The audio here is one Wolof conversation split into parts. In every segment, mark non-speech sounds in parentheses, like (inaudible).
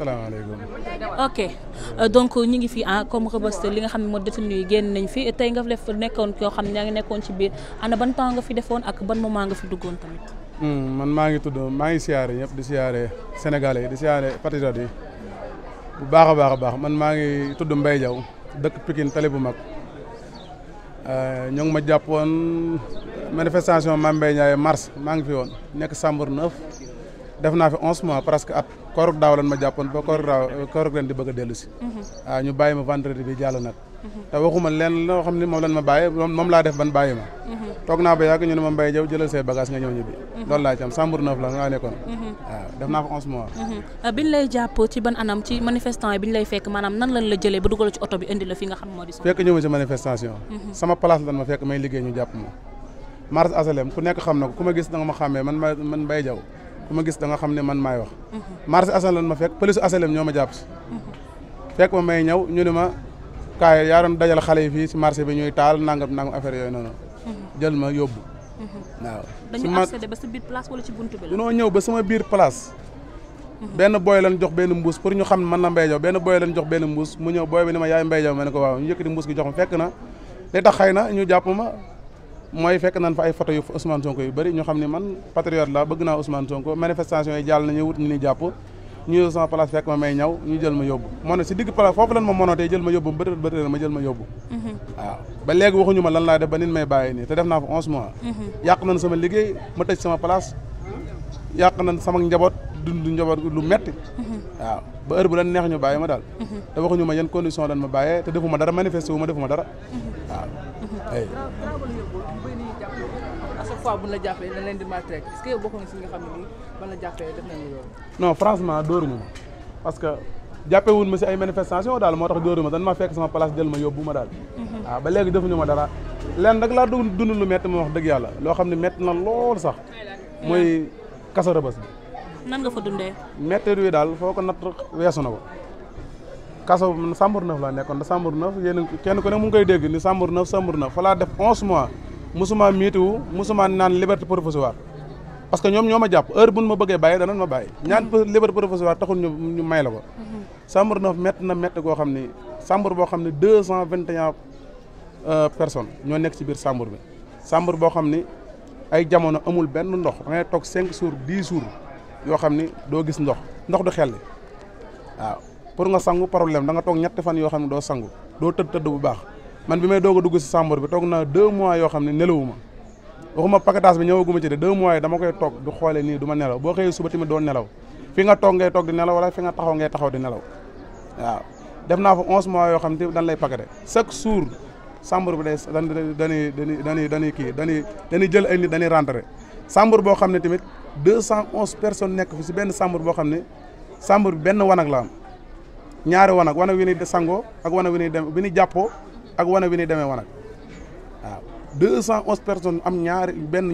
salaamaaleykum. ok euh, donc ñu ngi fi ah comme Rebeuss li nga xam ne moo détenu yi génn nañ fi tey nga def nekkoon koo xam ne yaa ngi nekkoon ci biir ana ban temps nga fi defoon ak ban moment nga fi duggoon tamit. Hmm, man maa ngi tudd maa ngi siyaare ñëpp di siyaare sénégalais di siyaare patriotes yi bu baax a baax a baax man maa ngi tudd Mbaye Diaw dëkk Pikine tali bu mag euh, ñoo ngi ma jàppoon manifestation Mame Mbaye Niang mars maa ngi fi woon nekk Sambour 9. def naa fi onze mois presque at koorug daaw lan ma jàppoon ba koorug daaw koorug ren di bëgg a dellu si waaw mhm. ah, ñu bàyyi ma vendredi bi jàll nag mhm. te waxuma leen loo xam ne moom lan ma bàyyi moom laa bàyyi ma mhm. ba yàgg ñu ne ma Mbaye Diaw jëlal say bagage nga ñëw ci am chambre neuf la nga nekkoon waaw ah, def naa fa onze mois ah, biñ lay jàpp ci ban anam ci manifestant yi ma jàpp ma mars asalem ku nekk xam na ko ku ma gis da nga ma xàmmee man man Mbaye Diaw ku gis da nga xam ne man maay wax. marché Assane lan ma fekk police Asalem ñoo ma jàpp si. fekk ma may ñëw ñu ne ma kaay yaa doon dajal xale yi fii si marché bi ñuy taal nangam nangam affaire yooyu noonu. jël ma yóbbu. waaw su ma dañu accéder ba noo ñëw ba sama biir place. benn booy lan jox benn mbuus pour ñu xam man na Mbaye Diaw benn booy lan jox benn mbuus mu ñëw booy bi ne ma yaay Mbaye Diaw ma ne ko waaw ñu yëkkati mbuus gi jox ma fekk na li tax xëy na ñu jàpp ma mooy fekk nan fa ay photo yu Ousmane Sonko yu bëri ñu xam ne man patriote la bëgg naa Ousmane Sonko manifestation yi jàll nañu wut ñu ni jàpp ñu sama place fekk ma may ñaw ñu jël ma yóbbu moo ne si digg place foofu lan ma monootee jël jël ma yóbbu mhm. waaw ba léegi waxuñu ma lan laa def ba nit may bàyyi nii te def naa fa onze mois mhm. yàq nañ sama liggéey ma tëj sama place yàq nañ sama njaboot dund njaboot lu metti mhm. waaw ba heure bu lan neex ñu bàyyi ma daal te waxuñu ma yan condition lan ma bàyyee te defuma dara manifesté wu ma defuma chaque fois bu ñu la leen di maltraité est-ce que yow bokk na si nga ma parce que jàppee wuñ ma si ay manifestation daal moo tax dóoru ma dan ma fekk sama place jël ma yóbbu ma daal. waaw mhm. ah, ba léegi defuñu ma dara lenn rek laa dund dund lu métti ma wax dëgg yàlla loo xam ne métti na lool sax. mooy kaso Rebeuss bi. nan nga fa dundee. métti wi daal foo ko natt weesu na ko. kaso Sambour Neuf laa nekkoon da Sambour Neuf yéen kenn ku ne mu ngi koy dégg ni Sambour Neuf Sambour Neuf fa laa def onze mois. mosuma miituwu mosuma naan liberté provisoire parce que ñoom ñoo ma jàpp heure buñ ma bëggee bàyyi danañ ma bàyyi ñaan mhm. liberté provisoire taxul ñu ñu may la ko chambre mhm. neuf mett na mett goo xam ni chambre boo xam ne deux cent vingt et euh, personne ñoo nekk ci biir chambre bi chambre boo xam ni ay jamono amul benn ndox da ngay toog cinq sour dix jours yoo xam ni doo gis ndox ndox du xelli waaw pour nga sangu problème da nga toog ñetti fan yoo xam ne doo sangu doo tëdd tëdd bu baax man bi may doog a dugg si sàmbur bi toog naa deux mois yoo xam ne nelawuma waxuma paquetage bi ñëwaguma ci de deux mois yi dama koy toog du xoole nii du ma nelaw boo xëyee suba tamit doon nelaw fi nga toog ngay toog nelaw wala fi nga taxaw ngay taxaw di nelaw waaw def naa fa onze mois yoo xam te dañ lay paqueté chaque jour sàmbur bi day dañuy dañuy dañuy dañuy kii dañuy dañuy jël ay nit dañuy rentré boo xam ne tamit deux cent onze personnes nekk fi si benn sàmbur boo xam ne sàmbur bi benn wanag la am ñaari wanag wanag wi ni sangoo ak wanag wi ni dem bi ni jàppoo ak wana bi ni demee wanag waaw deux cent onze personnes am ñaari benn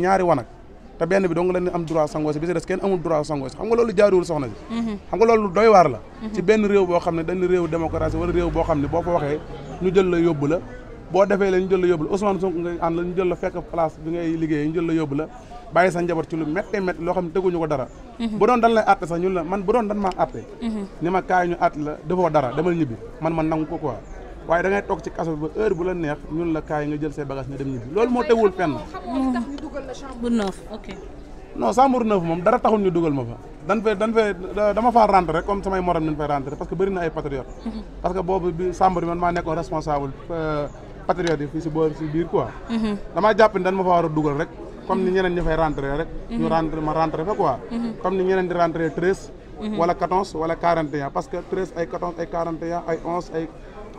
bi dong la ni am droit sangoo si bi si des kenn amul droit sangoo si xam nga loolu jaaruwul soxna si mhm. xam nga loolu doy la mhm. ci benn réew boo xam ne dañ réew démocratie wala réew boo xam ne boo fa waxee ñu jël la yóbbu la boo defee la ñu jël la yóbbu la Ousmane Sonko ngay ànd la ñu jël la fekk place bi ngay liggéey ñu jël la yóbbu la bàyyi sa njaboot ci lu méttee métti loo xam ne teguñu ko dara mhm. bu doon dan lay àtte sax ñu la defoo waaye da toog ci kaso bi ba heure bu la neex ñun la kaay nga jël say bagage nga dem ñibbi loolu moo tegul fenn. chambre neuf ok. non chambre moom dara taxul ñu dugal ma fa. dan fee dan fee dama faa rentré rek comme samay morom ñu fay rentré parce que bëri na ay patriotes. Mhm. maa nekkoon responsable euh, patriote yi fii si boor si biir quoi. Mhm. damaa jàpp ni dan ma fa war a dugal mhm. ñeneen ñi fay rentré rek. ñu rentré ma rentré fa quoi. comme ni ñeneen di rentré treize. wala quarante parce que treize ay quatorze quarante ay onze ay.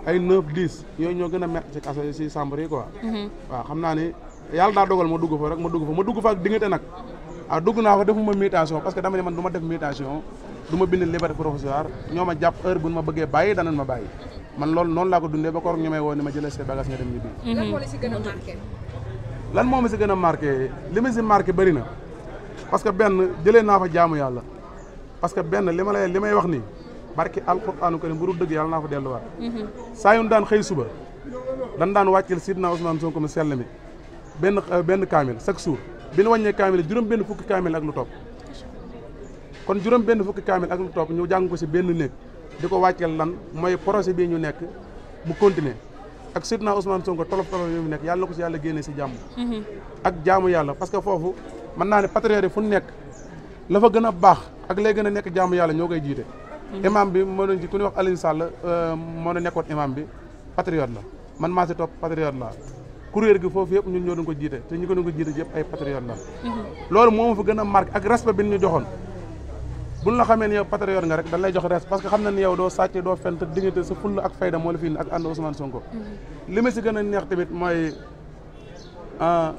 ay neuf dix yooyu ñoo gën a métti ci kaso si chambre yi quoi. Mm-hmm. xam naa ni yàlla daa dogal ma dugg fa rek ma dugg fa ma dugg fa ak diggante nag ah dugg naa fa defuma mutation parce que dama ne man du ma def mutation du ma bind liberté provisoire ñoo ma jàpp heure bu ma bëggee bàyyi danañ ma bàyyi man loolu noonu laa ko dundee ba koor ñu may woo ni ma jëlee say bagage nga dem ñibbi. Mm-hmm. lan moo la si gën a marqué. moo ma si gën a marqué li ma si marqué bëri na parce que benn jëlee naa fa jaamu yàlla parce que benn li ma li may wax nii. barki alquranu karim bu dul dëgg yàlla naa fa delluwaat mhm. saa yu daan xëy suba dan daan wàccil sidna Ousmane Sonko mu sell mi benn euh, benn kaamil chaque jour bi ñu wàññee kaamil juróom benn fukki kaamil ak lu topp kon juróom benn fukki kaamil ak lu topp ñu jàng ko si benn néeg di ko wàcceel lan mooy projet bii ñu nekk mu continuer ak sidna Ousmane Sonko tolof tolof yi mu nekk yàlla na ko si yàlla génnee si jàmm mhm. ak jaamu yàlla parce que foofu mën naa ne patriote yi fu nekk la gën a baax ak lay gën nekk jaamu yàlla ñoo koy jiite Mhm. imam bi moo doon ci ku ñuy wax Alioune Sall euh, moo doon nekkoon imam bi patriote la man maa si topp patriote la kuréel gi foofu yëpp ñun ñoo doon ko jiite te ñu ko doon ko jiite yëpp ay patriote la mhm. loolu moo ma fa gën a marqué ak ñu joxoon buñ la xamee ne yow patriote rek dañ lay jox respect parce que xam na ne yow doo sàcc doo fent dignité sa fulla ak fayda moo ànd Ousmane Sonko mhm. li ma si gën a neex tamit mooy euh,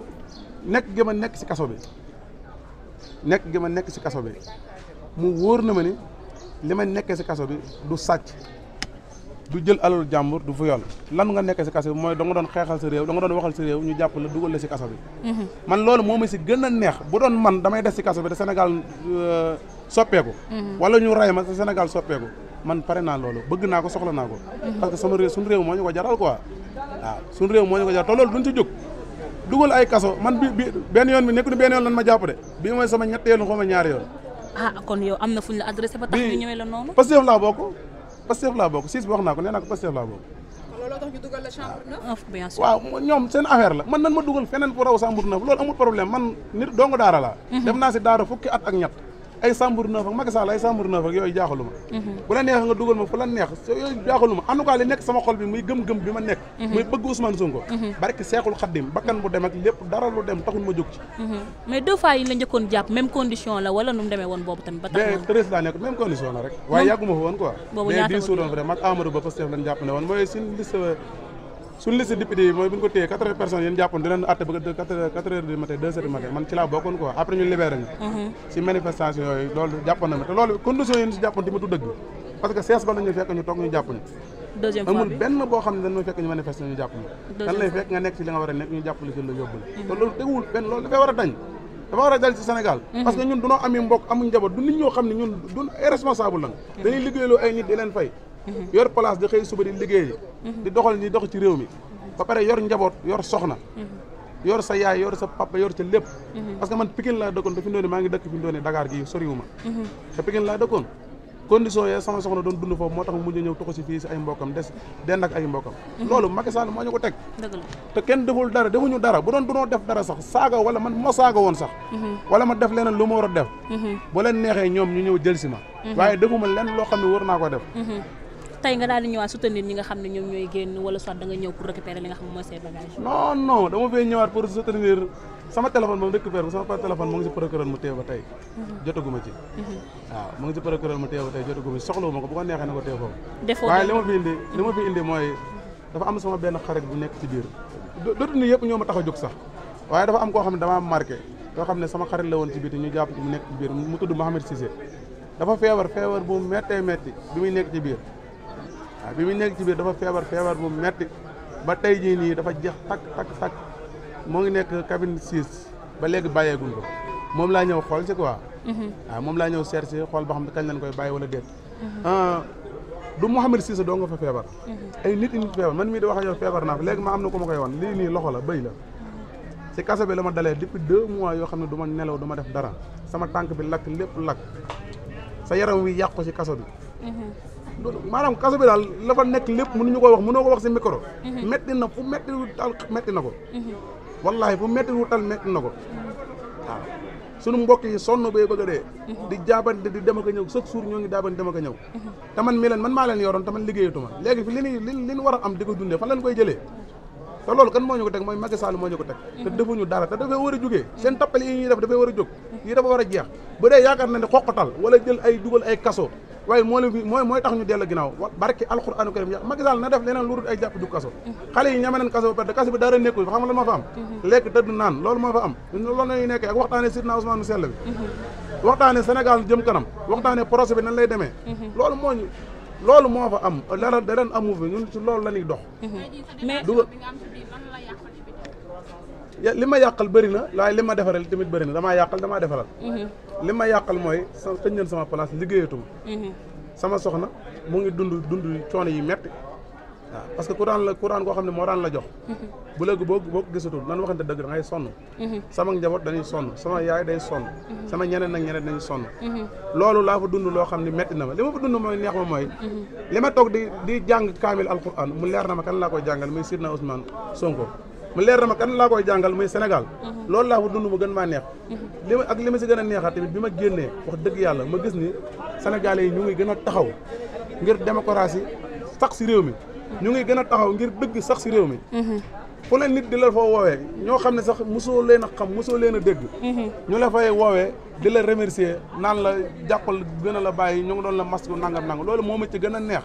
nekk gi nekk si kaso bi nekk gi ma nekk si kaso bi mu wóor na ma ni li may nekkee si kaso bi du sàcc du jël alalu jàmbur du yoon lan nga nekkee si kaso bi mooy da nga doon xeexal sa réew da doon waxal sa réew ñu jàpp la dugal la si kaso bi. Mhm. man loolu moo ma si gën a neex bu doon man damay def si kaso bi te Sénégal euh, soppeeku. Mhm. wala ñu ray ma te senegal soppeeku man pare naa loolu bëgg naa ko soxla naa mhm. parce que sama réew suñu réew moo ñu ko jaral ko waaw suñu réew moo ñu ko jaral te loolu duñ ci jóg. dugal ay kaso man bi bi benn yoon bi nekku ni benn yoon lan ma jàpp de bii mooy sama ñetteelu xaw ma ñaari ah kon yow am na fu ñu la adressé ba tax ñu ñëwee la noonu. Pastef laa bokk Pastef laa bokk siis bi wax naa ko nee ko Pastef la chambre ah, waaw ñoom seen affaire la man nan ma dugal feneen bu raw chambre neuf loolu amul problème man nit dong daara laa. Mhm. dem naa si daara fukki at ak ñett. ay chambre neuf ak Macky Sall ay chambre neuf ak yooyu jaaxalu ma bu la neex dugal ma fu la neex yooyu jaaxalu ma en tout nekk sama xol bi muy gëm-gëm bi ma nekk muy bëgg Ousmane Sonko barki Seexul Xaddim bakkan bu dem ak dara lu dem taxul ma jóg ci mais deux fois yi la njëkkoon jàpp même condition la wala nu demee woon boobu tamit ba tax treize nekk même condition la rek waaye yàgguma fa woon quoi mais dii suudoon vrai mag Amadou Ba suñu liste député yi mooy bu ñu ko téyee quatre heures du matin deux heures du matin man ci laa bokkoon mhm. si manifestation na te loolu conditions yi ñu parce que sees ba la ñu fekk ñu toog ñu jàpp ñu deuxième fois benn boo xam ne dañu fekk ñu manifester ñu jàpp ñu mhm. te loolu teguwul benn loolu dafay war a dañ dafa war a dal ci Sénégal mhm. parce que ñun dunoo ami mbokk amuñ njaboot du nit ñoo xam ne ñun du ay responsable lan dañuy liggéeyloo ay nit di leen fay Mm-hmm. yor place di xëy suba di liggéey mm-hmm. di doxal ñi dox ci réew mi ba pare yor njaboot yor soxna mm-hmm. yor sa yaay yor sa papa yor sa lépp parce que man Pikine laa dëkkoon te fi doone maa ngi dëkk fi doone Dakar gii soriwuma te Pikine laa dëkkoon condition yee sama soxna doon dund foofu moo tax mu mujj ñëw tuxu si fii si ay mbokam des dend ak ay mbokam loolu Macky Sall moo ñu ko teg te kenn deful dara defuñu dara bu doon dunoo def dara sax saaga wala man ma saaga woon sax wala ma def leneen lu ma war a def bu leen neexee ñoom ñu ñëw si ma waaye defuma lenn loo ne war naa ko def tey nga daal di ñëwaat soutenir ñi nga xam ne ñoom ñooy génn wala soit da nga ñëw pour récupérer li nga xam ne mooy say bagage non non dama fay ñëwaat pour soutenir sama téléphone ba mu récupérer ko sama mhm. mhm. ngi si procureur mu téye ba tey jotaguma ci waaw mu ngi si procureur mu téye ba tey dafa am sama benn xarit bu nekk ci biir dootu ni yëpp ñoo ma a jóg sax waaye am koo xam ne damaa marqué koo xam ne sama xarit la woon ci biir ñu jàpp ci mu nekk ci biir mu tudd Mohamed Cissé dafa feebar feebar bu méttee bi muy nekk ci biir waaw bi muy nekk ci biir dafa feebar feebar bu metti ba tey jii nii dafa jeex takk takk takk moo ngi nekk cabine 6 ba léegi bàyyeegul ko moom laa ñëw xool si quoi. Mhm. waaw moom laa ñëw seet si xool ba xam ne kañ lañ koy bàyyi wala déet. Mhm. Ah, du Mouhamed Cissé doo nga fa feebar. Mhm. ay nit ñi feebar man mii di wax ak yow feebar naa fa léegi ma am na ko ma koy wan lii nii loxo la bëy la. si kaso bi la ma dalee depuis deux mois yoo xam ne du ma nelaw du ma def dara sama tànk bi lakk lépp lakk sa wi yàqu si kaso bi. maanaam kaso bi daal la fa nekk lépp ñu ko wax mënoo ko wax si micro. Mhm. metti na fu metti wu tal metti na ko. Mhm. wallaahi fu metti wu tal metti na ko mhm. waaw sunu mbokk yi sonn bee bëgg a dee. di jaabante di dem ak a ñëw chaque jour ñoo ngi jaabante dem ak a ñëw. te man mii leen man maa leen yoroon te man liggéeyatuma léegi fi li ñuy li ñu war a am di ko dundee fan lañ koy jëlee. te loolu kan moo ñu ko teg mooy Macky Sall moo ñu ko teg te defuñu dara te dafay war a jógee seen tappale ñuy def dafay war a jóg yi dafa jeex bu yaakaar na ne xoqatal wala jël ay dugal ay kaso waaye moo leen fi mooy mooy tax ñu dellu ginnaaw barke alquranu karim ya Macky Sall na def leneen lu dul ay jàpp du kaso xale yi ñame nañ kaso ba pare kaso bi dara nekkul fa xam nga lan moo fa am lekk tëdd naan loolu moo fa am loolu lañuy nekkee ak waxtaane Sidna Ousmane mu sell bi waxtaane Sénégal jëm kanam waxtaane projet bi nan lay demee loolu moo loolu moo fa am leneen amu fi ñun ci loolu la ñuy dox li ma yàqal bëri na waaye li ma defaral tamit bëri na damaa yàqal damaa defaral mhm. li ma yàqal mooy sa xëñ nañ sama place liggéeyatuma mhm. sama soxna mu ngi dund dund coono yi metti waaw parce que courant la courant koo xam ne moo daan la jox mhm. bu léegi boo boo ko gisatul nan waxante dëgg da ngay sonn sama njaboot dañuy sonn sama yaay day sonn sama ñeneen ak ñeneen dañuy sonn loolu laa fa dund loo xam ne metti na ma li ma fa dund mooy neex ma mooy li ma toog di di jàng kaamil alquran mu leer na ma kan laa koy jàngal muy Sidna Ousmane Sonko mu leer na ma kan laa koy jàngal muy Sénégal mhm. loolu laa fa dund mu gën maa neex mhm. li ma ak li ma si gën a neex a tamit bi ma génnee wax dëgg yàlla ma gis ni sénégalais yi ñu ngi gën a taxaw ngir démocratie sax si réew mi mhm. ñu ngi gën a taxaw ngir dëgg sax si réew mi fu leen nit di la fa woowee ñoo xam ne sax mosoo leen a xam mosoo leen a dégg ñu la fay woowee di la remercier naan la jàppal gën a la bàyyi ñu ngi doon la masque nangam nangam loolu moo ma ci gën a neex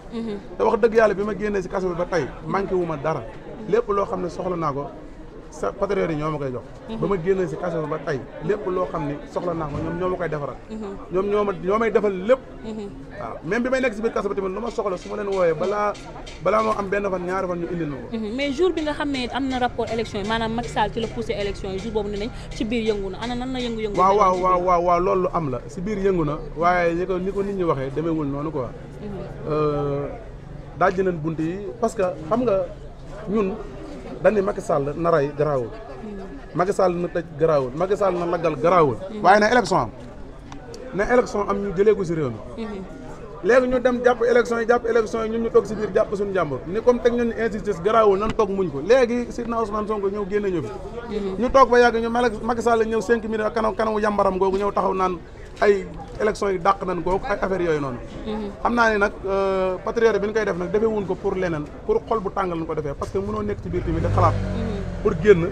wax dëgg bi ma génnee si kaso ba tey manqué wu ma dara lépp loo xam ne soxla naa ko sa patriote yi ñoo ma koy jox. Mhm. ba ma génn si kaso ba tey lépp loo xam ne soxla naa ko ñoom ñoo koy defaral. Mhm. ñoom defal lépp. Mhm. waaw même bi may nekk si biir kaso tamit lu ma soxla su ma leen wooyee balaa moo am benn fan ñaari fan ñu indil ma ko. mais jour bi nga xam ne am na rapport élection yi maanaam Macky Sall ci la poussé élection yi jour boobu ne nañ ci biir yëngu na ana nan la yëngu-yëngu. waaw waaw waaw waaw waaw ñun dañ ne Macky Sall na rey garaawul Sall na tëj garaawul Macky Sall na laggal garaawul waaye na élection am na élection am ñu jëlee ko si réew mi léegi ñu dem jàpp élection yi jàpp élection yi ñun ñu toog si biir jàpp suñu jàmbur ni comme teg nañu injustice garaawul nan toog muñ ko léegi sidna Ousmane Sonko ñëw génne ñu fi mm-hmm. ñu toog ba yàgg ñu Macky Sall ñëw cinq minutes kanam kanamu yambaram googu ñëw taxaw naan ay élection yi dàq nañ ko ay affaire yooyu noonu. xam naa ne nag euh, patriote bi ñu koy def nag defee wuñ ko pour leneen pour xol bu tàng lañ ko defee parce que mënoo nekk ci biir tamit di xalaat. pour génn.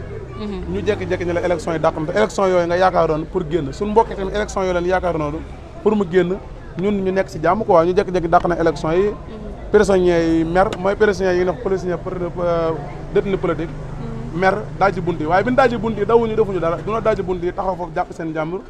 ñu jékki jekki ñu la élection yi dàq na te élection yooyu nga yaakaaroon pour génn suñu mbokk tamit élection yooyu leen yaakaaroon pour mu génn ñun ñu nekk ci jàmm quoi ñu jékki-jékki dàq na élection yi. prisonniers yi mer mooy prisonniers yi nga xam policiers euh, détenu politique. mer daaj bunti waaye bi ñu daaj bunti dawuñu defuñu dara du na daaj bunti taxaw foofu jàpp seen jàmbur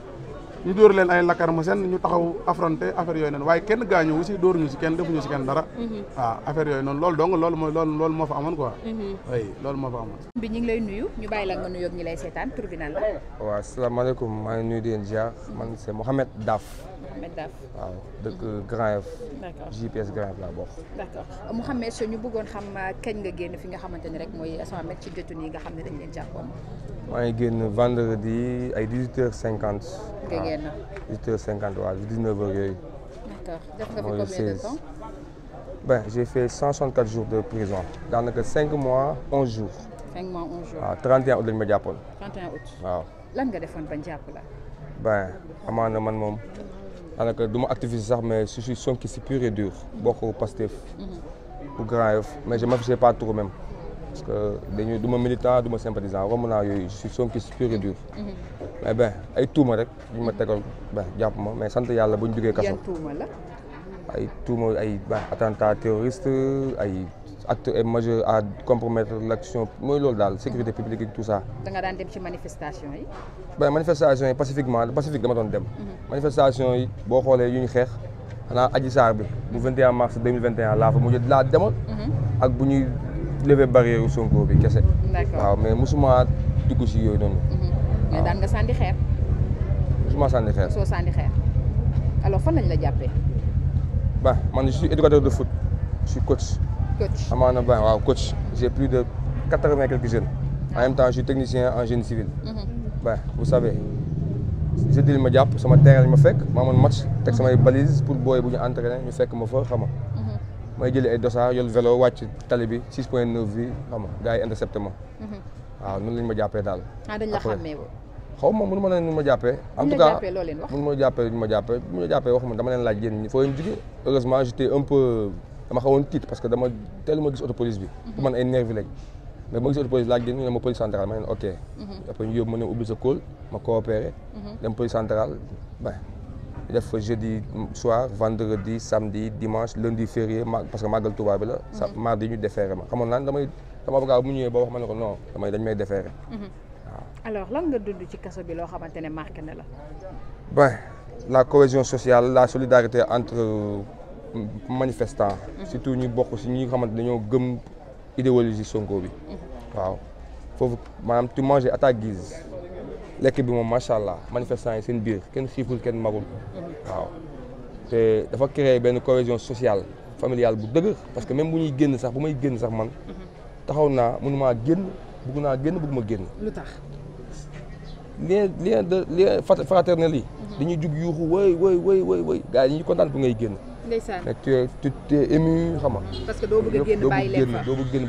ñu dóor leen ay lakkar mu seen ñu taxaw affronté affaire yooyu noonu waaye kenn gaañu wu si dóor ñu si kenn defuñu si kenn dara waaw mm-hmm. ah, affaire yooyu noonu loolu dong loolu moo fa amoon quoi mm-hmm. oui loolu moo fa amoon bi ñu ngi lay nuyu ñu bàyyi la nga nuyoo ñi lay seetaan tur bi nan la waaw asalaamaaleykum maa ngi nuyu di leen man c'est Mohamed Daf Mohamed Daf waaw dëkk mm-hmm. Grand F GPS Grand F laa bokk d'accord Mohamed ñu bëggoon xam ah, kañ nga génn fi nga xamante ne rek mooy asamet ci jotu nii nga xam ne dañ leen jàppoon maa ngi ay 18 heures nga génn. 8 heures a waaw 19 heures yooyu. d'accord def de temps ben j'ai fait jours de prison daanaka 5 mois 11 jours. 5 mois 11 jours waaw ah, 31 août lañ ma jàppoon. 31 août waaw. lan nga defoon bañ la. ben amaana man moom daanaka du ma activiste sax mais je suis Sonkiste pur et dur bokk Pastef. bu mhm. Grand Yoff mais je m'affichais pas trop même. parce que dañuy du ma militant du ma sympathisant romb naa yooyu je suis sonkiste pur et dur. Mhm. ben ay tuuma rek ma tegal ben jàpp ma mais sant yàlla buñ duggee kaso. tuuma la. ay tuuma ay ay acte est majeur à mooy loolu daal sécurité publique yi tout ça. da nga daan dem ci manifestation yi. ben manifestation yi pacifiquement pacifique dama doon dem. Mhm. manifestation yi boo xoolee yu ñu xeex xanaa aji saar bi bu 21 mars 2021 laa fa mujj laa demoon. Mhm. ak bu ñuy. lever barrière Sonko bi kese. waaw mais mosuma dugg si yooyu noonu. Mhm. waaw mais daan nga sànni xeer. mosuma sànni xeer soo sànni xeer. alors fan lañ la jàppee. ba man je suis éducateur de foot je suis coach. coach amaana ba waaw coach j'ai plus de quatre-vingt quelques jeunes. en même temps je suis technicien en génie civil. Mhm. ba vous savez. jeudi li ma jàpp sama terrain lañ ma fekk maa amoon match teg samay balise pour booy bu ñu entraîné ñu fekk ma fa xama may jëli ay dossard yor vélo wàcc tali bi 6 point 9 bi xam nga gars yi ma. Mhm. waaw noonu lañ ma jàppee daal. Ah, xaw ma mënu ma leen ma jàppee. en tout cas mënu ma jàppee ñu ma jàppee bu ma jàppee wax ma dama leen laaj yéen foo leen jugee heureusement j'étais un peu dama xawoon tiit parce que dama teel ma gis auto police bi. Mhm. pour man ay nervi lañ. mais ma gis auto laaj yéen ñu ne ma police centrale ma ne ok. Mhm. après ñu yóbbu ma ne ubbi sa kóol ma coopéré. dem police centrale def fa jeudi soir vendredi samedi dimanche lundi férié parce que màggal a bi la. Mhm. mardi ñu déféré ma xamoon naa ne damay sama avocat mu ñëwee ba ma ne ko non damay dañ mhm. waaw lan nga dund ci kaso bi loo xamante ne marqué na la. bon la cohésion sociale la solidarité entre manifestants. Mhm. surtout ñu bokk si ñi nga xamante ñoo gëm idéologie Sonko bi. waaw foofu maanaam tu manges à ta lekk bi moom macha allah manifestant yi seen biir kenn xiiful kenn magul waaw te dafa créer benn cohésion sociale familiale bu dëgër parce que même bu ñuy génn sax bu may génn sax man taxaw naa mënumaa génn bëgg naa génn bëgg ma génn. lu tax. lien lien de lien fraternel yi. Mhm. dañuy jug yuuxu woy woy woy woy woy gars yi ñu kontaan bu ngay génn. ndeysaan mais tu es tu es parce que doo bëgg a génn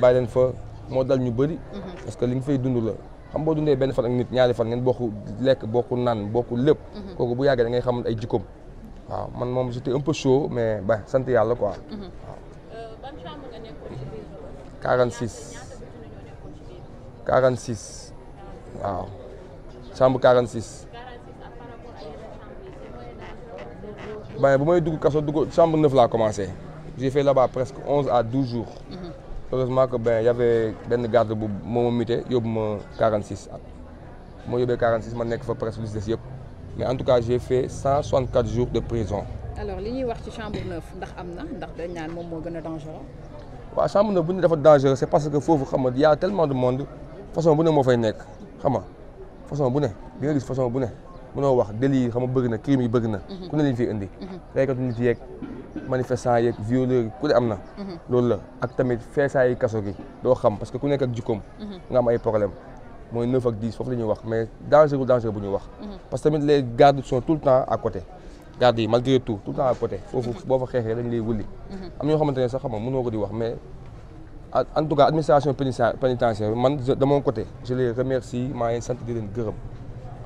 bàyyi leen fa moo dal ñu bëri. Mhm. parce que li nga fay dundu la. xam boo dundee benn fan ak nit ñaari fan ngeen bokk lekk bokk naan bokk lépp. Mhm. kooku bu yàggee da ngay xam ay jikkoom. waaw man moom j'étais un peu chaud mais ba sant yàlla quoi. Mhm. waaw. Euh, ban chambre nga nekkoon ci biir. 46. 46. ba bu may dugg kaso dugg chambre 9 laa commencé. j'ai fait là-bas presque 11 à 12 jours. heureusement que ben y avait benn garde bu yo ma muté yóbbu ma 46 at moo yóbbee 46 ma nekk fa presque lu des yëpp mais en tout cas j'ai fait 164 jours de prison. alors li ñuy wax ci chambre neuf ndax am na ndax dañ naan moom gën a dangereux. waaw chambre neuf bu ñu dafa dangereux c'est parce que foofu xam nga y a tellement de monde façon bu ne moo fay nekk xam nga façon bu ne bi nga gis façon bu ne mënoo wax de yi xam nga bëgg na crime yi na. Mhm. ku ne lañ fiy manifestant yeeg violeur ku ne am na loolu la ak tamit feesaayi kaso gi doo xam parce que ku nekk ak jikkoom nga am ay problème mooy neuf ak dix foofu la ñuy wax mais danger wu danger bu ñuy wax mhm. parce que tamit les gardes sont tout le temps à côté gardes yi malgré tout tout le temps à côté foofu mhm. boo fa xeexee dañ lay wulli mhm. am xamante ne sax xam nga ko di wax mais en tout cas administration pénitentiaire man de mon côté je les remercie maa ngi sant di leen gërëm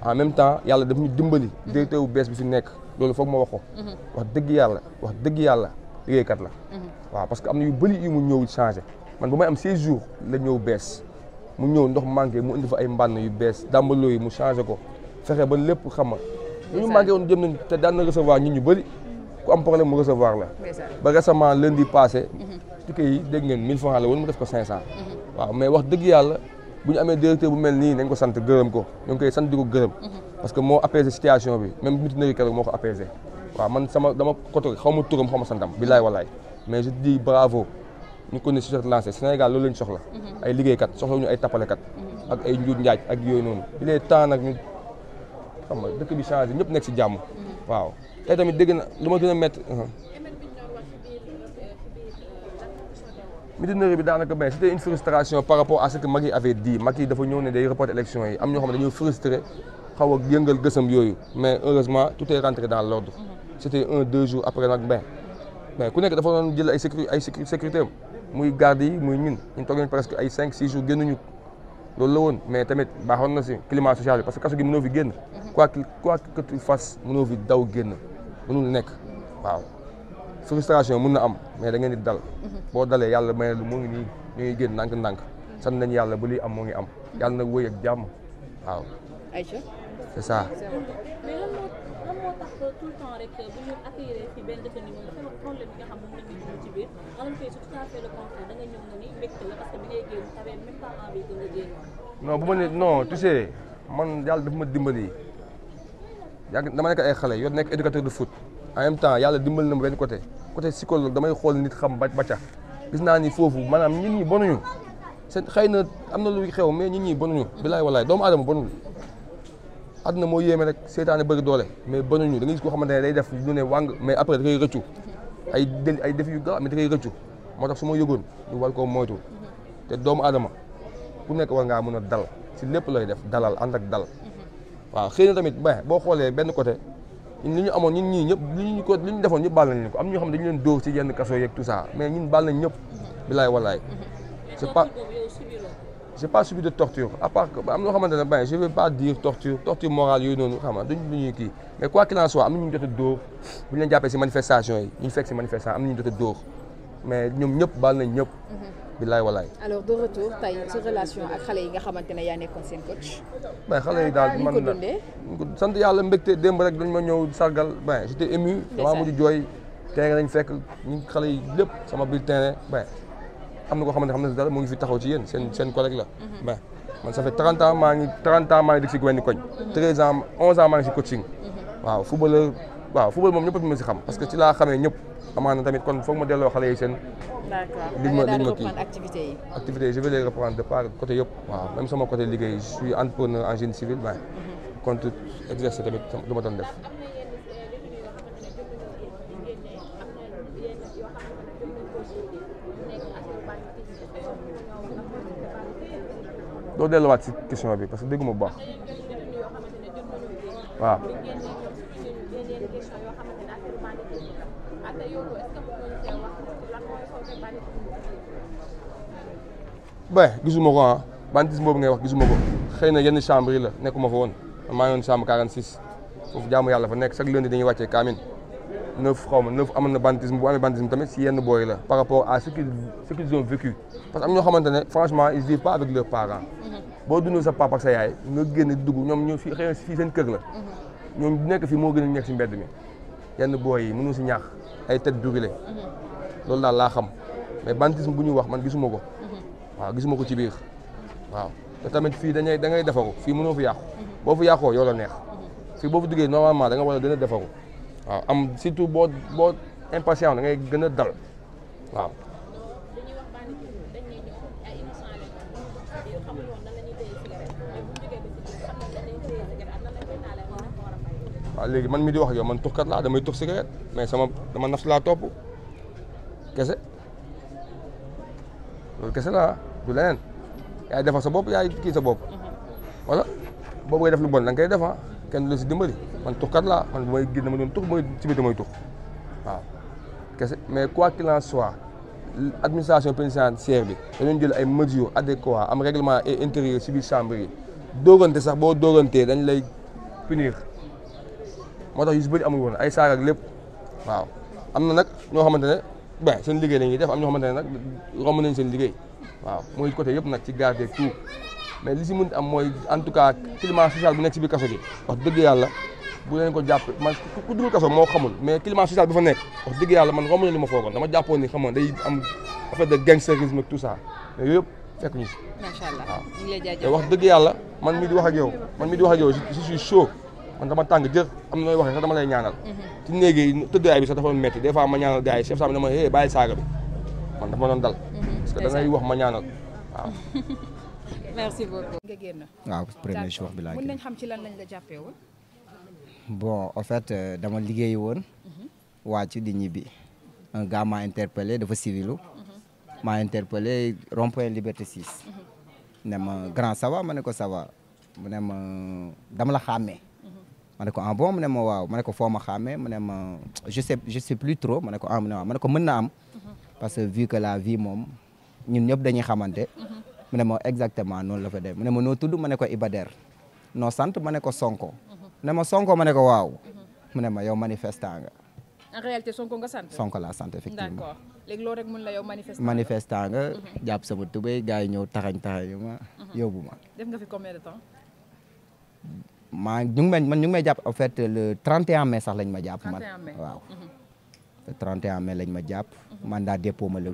en même temps yàlla daf ñu dimbali directeur bu bees bi fi nekk loolu foog ma wax ko. Mhm. wax dëgg yàlla wax dëgg yàlla kat la. Mhm. waaw parce que am na yu bëri yu mu ñëw changé man bu may am 16 jours la ñëw bees mu ñëw ndox manqué mu indi fa ay mbànn yu bees dàmbaloo yi mu changé ko fexe ba lépp xam nga. ñu ñu manqué woon jëm nañ te daan na recevoir nit ñu bëri ku am problème mu recevoir la. ba récemment lundi passé. di mhm. yi dégg ngeen 1000 francs la woon mu def ko 500. waaw mais wax dëgg yàlla bu ñu amee directeur bu mel nii nañ ko sant gërëm ko ñu ngi koy sant di ko gërëm. parce que moo apaisé situation bi même mitineur yi moo ko apaisé waaw man sama dama koto xaw ma turam xaw ma santam bilaay walaay mais je dis bravo ñu ko ne si cette lancée Sénégal loolu lañ soxla mhm. ay liggéeykat soxla ñu ay tapalekat mhm. ak ay njuut njaaj ak yooyu noonu il est temps nag ñu xam bi changé ñëpp nekk si jàmm mhm. waaw tey tamit ma a métti uh-huh. mitinerie euh, euh, bi daanaka benn c'était une frustration par dafa ñëw ne day reporter élection yi am ñoo xam ne dañoo frustré xaw ak yëngal gësam yooyu mais heureusement tout est rentré dans l'ordre mhm. c'était un deux jours après nag mais mais ku nekk dafa doon jël ay sécurité ay sécurité am muy garde yi muy ñun ñu toog nañ presque ay cinq six jours ñu loolu la woon mais tamit baaxoon na si climat social bi parce que kaso gi mënoo fi génn mhm. quoi que quoi que tu fasses mënoo fi daw génn mënul nekk waaw frustration mun na am mais da ngeen di dal mhm. boo dalee yàlla may lu mu ngi nii ñu ngi génn ndànk-ndànk sa nañ yàlla bu liy am moo ngi am yàlla nag wëy ak jàmm waaw c'est ça. bu ma nee non tu man yàlla dafa ma dimbali yàgg dama nekk ay xale yow nekk éducateur de foot en même temps yàlla dimbali na ma benn côté côté psychologue damay xool nit xam ba ca gis naa ni foofu maanaam nit ñi bonuñu seen xëy na am na luy xew mais nit ñi bonuñu bilaay walaay doomu aadama bonul. àdduna moo yéeme rek seetaane bëri doole mais banuñu da nga gis koo xamante ne day def lu ne wàng mais après da koy rëccu ay déli ay def yu gaaw mais da koy rëccu moo tax su ma yëgoon ñu wal koo moytu te doomu adama ku nekk war ngaa mën a dal si lépp lay def dalal ànd ak dal waaw xëy tamit ba boo xoolee benn côté li ñu amoon ñun ñii ñëpp li ñu ko li ñu defoon ñëpp baal nañ ko am ñoo xam ne dañu leen dóor si yenn kaso yeeg tout ça mais ñun baal nañ ñëpp bilaay wa mhm. c'est pas j'ai pas subi de torture à part que am na loo xamante ne ben je vais pas dire torture torture morale yooyu noonu xam nga ñuy kii mais quoi qu'il en soit am na ñu jot a dóor ñu leen jàppee na ñu jot a dóor mais mhm. de retour tey sa relation ak xale yi nga xamante ne yaa nekkoon coach. ben xale yi daal ah, man na sant yàlla mbégte ma ñëw sargal ben j'étais ému. sama biir terrain ben. am na ko xamante xam ne dara mu ngi fi taxaw ci yéen seen seen collègue la mais man ça fait 30 ans maa ngi 30 ans maa ngi dëkk si benn koñ 13 ans 11 ans maa ngi si coaching waaw footballeur waaw football moom ñëpp a ma si xam parce que ci laa xamee ñëpp amaana tamit kon foog ma delloo xale yi seen liñ ma liñ ma kii activité yi je vais les reprendre de part côté yëpp waaw même sama côté liggéey je suis entrepreneur en génie civil mais mhm. contre exercer tamit ma doon def doo delluwaat si question bi parce que dégg bu baax waaw. ba gisuma ko ah banditisme boobu ngay wax gisuma ko xëy na yenn chambre yi la nekkuma fa woon maa ngi woon chambre 46 foofu jaamu yàlla fa nekk chaque lundi dañuy wàccee kaamin neuf xaw ma neuf amoon na banditisme bu amee banditisme tamit si yenn booy la par rapport à ce qu'ils ce qu'ils que am ñoo xamante ne franchement ils vivent pas avec leurs parents mhm. boo dundoo sa papa ak sa yaay nga génn dugg ñoom ñoo fi xëy fii seen kër la mhm. ñoom nekk fii moo gën a nekk si mi yenn booy yi mënu si ñaax ay tête brûlée mhm. loolu daal laa xam mais banditisme bu ñuy wax man gisuma ko waaw gisuma ko ci biir waaw te tamit fii dañay da ngay defaru fii mënoo fi yàqu boo fi yàqoo yow la neex fii boo fi duggee normalement da nga war a gën a defaru waaw am surtout boo boo impatient da ngay gën a dal waaw. léegi man mi di wax yow man tuxkat laa damay tux cigarette mais sama dama nafs laa topp kese loolu kese laa du leneen yaay defar sa bopp yaay kii sa bopp uh-huh. wala boobu ngay def lu bon da nga koy kenn lu si dimbali. man tuxkat la man bu may génn ma doon tux mooy ci biti mooy tux waaw kese mais quoi qu'il en soit administration pénitentiaire bi dañu jël ay mesures adéquates am règlement et intérieur ci biir chambre yi doogante sax boo doogantee dañ lay punir moo tax yu si amul woon ay saar ak lépp waaw am na nag ñoo xamante ne ben seen liggéey la ñuy def am ñoo xamante ne nag romb nañ seen liggéey waaw mooy côté yëpp nag ci garde tout mais li si mun am mooy en tout cas climat social bi nekk si biir kaso gi wax yàlla bu leen ko jàppee man ku dugg kaso moo xamul mais climat social bi fa nekk wax dëgg yàlla man romb na li ma foogoon dama jàppoon ni xam nga day am affaire de gangsterisme ak tout wax dëgg yàlla man mi di wax ak yow man mi di wax ak yow je man dama tàng jër am na nooy waxee sax dama lay ñaanal. Mm-hmm. ci néeg yi tëddaay bi sax dafa metti des ma ñaanal gars yi chef saa mi dama hé eh, bàyyi saaga bi man dafa doon dal. Mm-hmm. parce que da wax ma ñaanal waaw. (laughs) merci beaucoup. nga génn. waaw premier bi laa génn xam ci lan lañ la jàppee bon en fait euh, dama liggéey woon mhm. wàcc di ñibbi un gars m'a interpellé dafa civilu mhm. m'a interpellé rond-point Liberté 6 mhm. ne ma grand ça va ma ne ko ça va mu ma dama la xàmmee ma ko ah bon mu ne ma waaw ma ne ko foo ma xàmmee mu ne ma je sais je plus trop ma ne ko ah mu ma ne ko mën na am parce que vu que la vie moom ñun ñëpp dañuy xamante mu ne ma exactement noonu la fa dem mu ne ma noo tudd ma ne ko Ibader noo sant ma ne ko Sonko ne ma Sonko ma ne ko waaw mu ne ma yow manifestant nga. en Sonko nga sant. Sonko laa sant effectivement. d'accord léegi loolu la yow manifestant nga. manifestant nga mhm. jàpp sama tubéy gars yi ñëw taxañ taxañu ma mhm. yóbbu ma. def nga fi combien de temps. maa ñu ngi may ñu may jàpp en fait le 31 mai sax lañ ma jàpp. 31 mai man waaw. Mhm. le lañ ma jàpp. mandat dépôt ma le.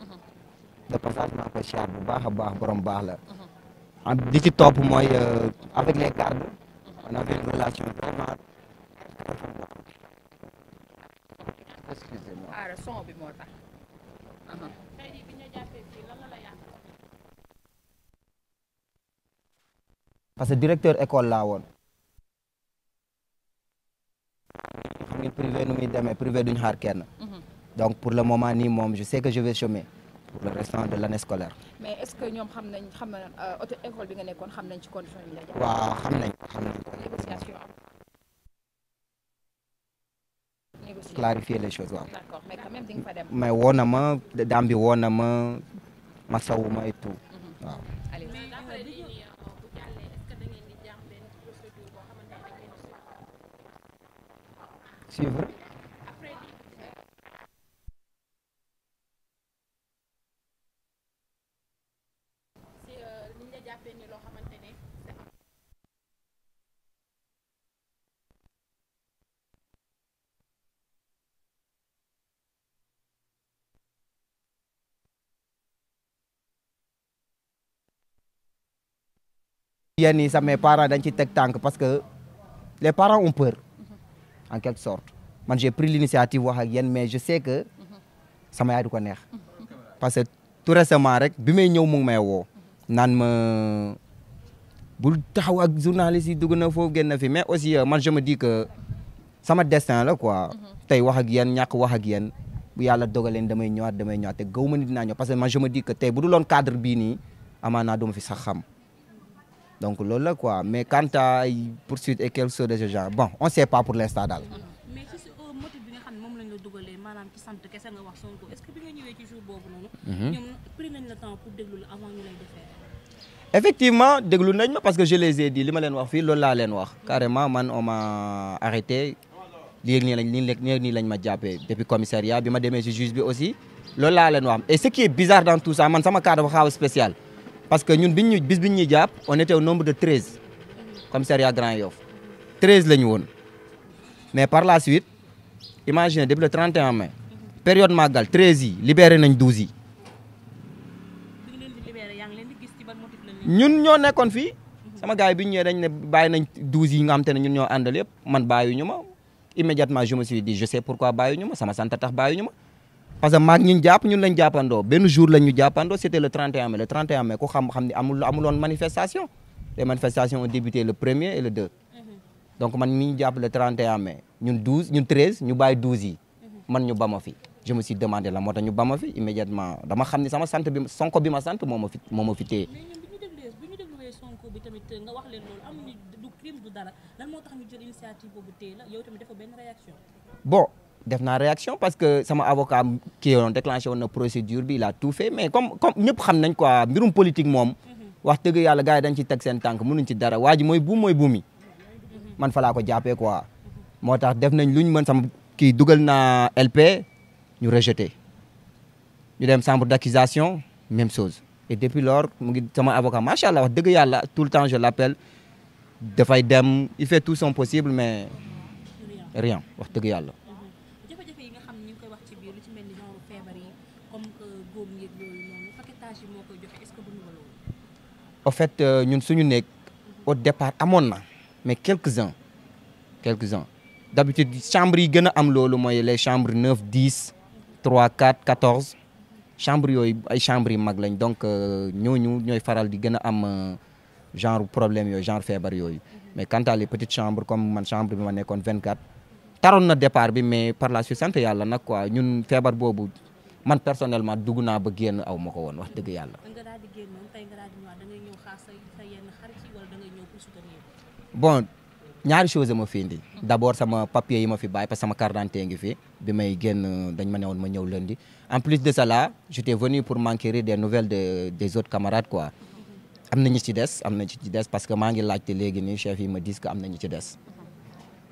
de maa koy siyaar bu baax a baax borom baax la. di ci top mooy euh, avec les gardes on avait relation ah, uh-huh. parce que directeur école laa woon. xam privé nu muy demee privé duñu xaar kenn. Uh-huh. donc pour le moment nii moom je sais que je vais chômer. pour le restant de l'année scolaire. mais est-ce que ñoom xam nañ xam na euh, auto école xam nañ ci kon yi waaw xam nañ xam nañ négociation clarifier les choses waaw. mais quand woo na ma daam bi woo na ma masawu ma et tout mhm. waaw. Euh, suivre. yenn yi sax mes parents dañ ci teg tànk parce que les parents ont peur en quelque sorte man j'ai pris l'initiative wax ak yéen mais je sais que sama yaay du ko neex parce que tout récemment rek bi may ñëw mu ngi may woo naan ma bul taxaw ak journaliste yi dugg na foofu génn fi mais aussi euh, man je me dis sama destin la quoi tey wax ak yéen ñàkk wax ak yéen bu yàlla dogaleen damay ñëwaat damay ñëwaat te gaw ma dinaa ñëw parce que man je me dis tey bu du loon cadre bii nii amaanaa duma fi sax donc loolu la quoi mais quant à ay poursuite et quelque chose de ce genre bon on sait pas pour l'instant daal. Mm-hmm. mais ci euh, motif bi nga xam kese nga wax Sonko est bi nga ñëwee ci jour boobu noonu. Mm-hmm. le parce que je li ma leen wax fii loolu laa leen wax mm-hmm. carrément man on m'a arrêté lii nii lañ nii nii lañ ma jàppee depuis commissariat bi ma demee ci juge bi aussi loolu laa leen wax et ce qui est bizarre dans tout ça man sama cas dafa xaaw spécial. parce que ñun biñ ñu bis biñ ñuy jàpp on était au nombre de treize commissariat Grand Yoff treize la ñu woon mais par la suite imaginez depuis le 31 mai période màggal treize yi libéré nañ douze yi ñun ñoo nekkoon fii sama gars yi bi ñu ñëwee dañ ne bàyyi nañ douze yi nga xam ñun ñoo àndal yëpp man bàyyi ñu ma immédiatement je me suis dit je sais pourquoi bàyyi ñu ma sama sant tax bàyyi ñu ma parce que maag ñun jàpp ñun lañ jàppandoo benn jour lañ ñu jàppandoo c' était le 31 mai le 31 mai ku xam-xam ne amul amuloon manifestation les manifestations ont débuté le premier et le deux mm-hmm. donc man mi ñu jàpp le 31 mai ñun 12 ñun 13 ñu bàyyi 12 yi mm-hmm. man ñu ba fi je me suis demandé la moo tax ñu ba fi immédiatement dama xam ni sama sant bi sonko bi ma sant moo ma fi moo ma fi téye bi tamit nga wax leen loolu amuñu du crime du dara def naa réaction parce que sama avocat kii yoon déclenché woon na procédure bi il tout fait mais comme comme ñëpp xam nañ quoi mbirum politique moom. Mhm. wax dëgg yàlla gars yi dañ ci teg seen tànk mënuñ ci dara waa ji mooy buum mooy buumi mhm. man fa laa ko jàppee quoi. moo tax def nañ luñ mën sama kii dugal naa LP ñu rejeté ñu dem chambre d'accusation même chose. et depuis lors mu ngi sama avocat macha allah wax dëgg yàlla tout le temps je l'appelle dafay dem il fait tout son possible mais rien wax dëgg yàlla. au fait euh, ñun suñu néeg au départ amoon na mais quelques-uns quelques-uns d'habitude chambre yi gën a am loolu mooy les chambres 9 10 3 4 14 chambre yooyu ay chambres yi mag lañ donc euh, ñooñu ñooy faral di gën a am euh, genre problème yooyu genre feebar yooyu mais quant à les petites comme man chambre bi ma nekkoon 24 taroon na départ bi mais par la suite yàlla nag quoi ñun feebar boobu man personnellement dugg naa ba génn aw ma ko woon wax dëgg yàlla bon ñaari chose ma fi indi d' abord sama papier yi ma fi baay parce que sama carte d'identité ngi fi bi may génn dañ ma ne woon ma ñëw lundi en plus de cela j'étais venu pour m'enquérir des nouvelles de des autres camarades quoi am na ñu ci des am na ñu ci des parce que maa ngi laajte léegi nii chef yi ma dis que am na ñu ci des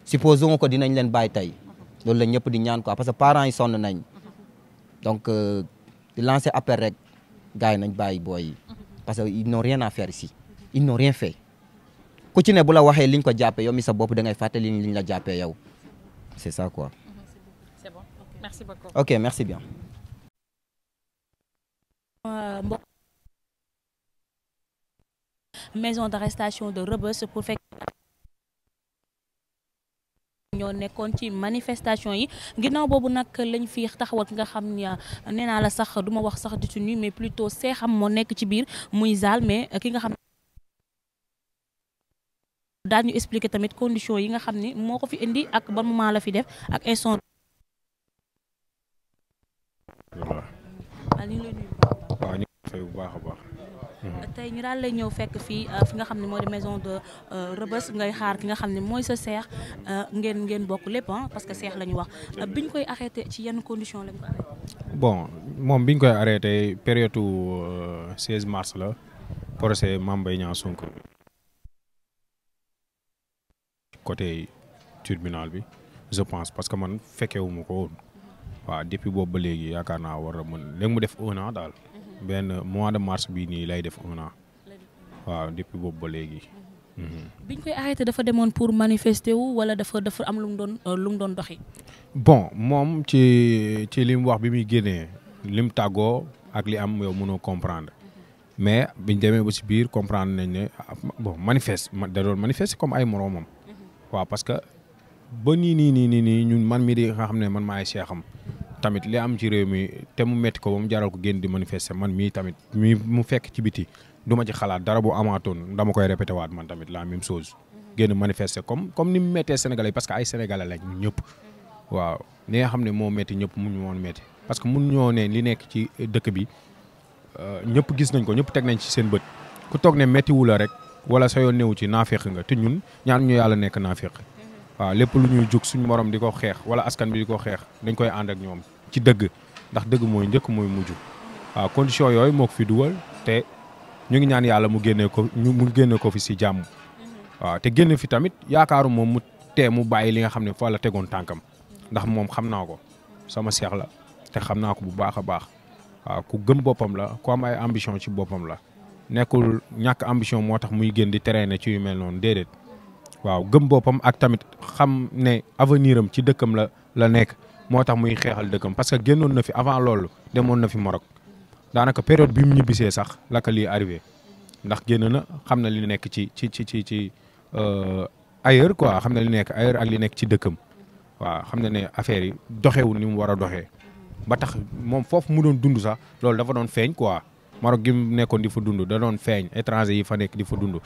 supposons ko dinañ leen bàyyi tey loolu la ñëpp di ñaan ko parce que parents yi sonn nañ donc euh, di lancer appel rek gars yi nañ bàyyi booy parce que ils n'ont rien à faire ku ci ne bu la waxee ko jàppee yow mi sa bopp da ngay fàttali liñ la jàppee yow c'est ça quoi. c'est bon merci beaucoup. ok merci euh, de Rebeuss pour ñoo nekkoon ci manifestation yi ginnaaw boobu nag lañ fi taxawal ki nga xam ne euh, nee naa la sax duma wax sax détenu mais plutôt seexam moo nekk ci biir muy zaal mais ki nga xam daal ñu expliquer tamit condition yi nga xam ni moo ko fi indi ak ban moment la fi def ak instant. Ah, waaw. ñu ngi lay bu baax a baax. Mm-hmm. tey ñu daal lay ñëw fekk fii euh, fi nga xam ne mooy di maison de euh, Rebeuss ngay xaar ki nga xam ne mooy sa seex euh, ngeen ngeen bokk lépp ah, parce que seex la ñu wax biñ koy arrêté ci yenn condition lañ ko arrêté. bon moom biñ koy arrêté période 16 mars la procès Mame yi Niang Sonko côté tribunal bi je pense parce que man fekkewu ma ko woon waaw depuis boobu ba léegi yaakaar naa war a mën léegi mu def un daal mhm. benn mois de mars bii nii lay def un waaw dépuis boobu ba léegi. Mhm. Mhm. biñ koy arrêté dafa demoon pour manifester wu wala dafa dafa am lu mu doon euh, lu mu doon doxi bon moom ci ci li mu wax bi muy génnee lim tàggoo ak li am yow mënoo comprendre mais biñ demee ba si biir comprendre nañ ne ah, bon manifeste da doon manifester comme ay moroomam. waaw parce que ba nii nii nii nii nii ñun man mi di nga xam ne man maay seexam tamit li am ci réew mi te mu metti ko ba mu jaral ko génn di manifester man mii tamit mii mu fekk ci biti duma ma ci xalaat dara bu amaatoon dama koy répété waat man tamit la même chose génn manifester comme comme ni mu méttee Sénégalais parce que ay Sénégalais lañ ñëpp waaw li nga xam ne moo métti ñëpp mu ñu woon métti parce que mun ñoo ne li nekk ci dëkk bi euh, ñëpp gis nañ ko ñëpp teg nañ ci seen bët ku toog ne méttiwu la rek wala sa yoon newu ci naafeq nga te ñun ñaan ñu yàlla nekk naafeq waaw lépp lu ñuy jóg suñu morom di ko xeex wala askan bi di ko xeex dañ koy ànd ak ñoom ci dëgg ndax dëgg mooy njëkk mooy mujj waaw condition yooyu moo ko fi dugal te ñu ngi ñaan yàlla mu génnee ko mu génne ko fi si jàmm waaw te génn fi tamit yaakaaru moom mu tee mu bàyyi li nga xam ne fa la tegoon tànkam ndax moom xam naa ko sama seex la te xam naa ko bu baax a baax waaw ku gëm boppam la ku am ay ambition ci boppam la nekkul ñàkk ambition moo tax muy génn di traîner ci yu mel noonu déedéet waaw gëm boppam ak tamit xam ne avenir am ci dëkkam la la nekk moo tax muy xeexal dëkkam parce que génnoon na fi avant loolu demoon na fi Maroc daanaka période bi mu ñibbisee sax la ko lii arrivé ndax génn na xam na li nekk ci ci ci ci ci euh, ailleurs quoi xam na li nekk ailleurs ak li nekk ci dëkkam waaw xam na ne affaire yi doxewul ni mu war a doxee ba tax moom foofu mu doon dund sax loolu dafa doon feeñ quoi. Maroc gi mu nekkoon di fa dund da doon feeñ étranger yi fa nekk di fa dund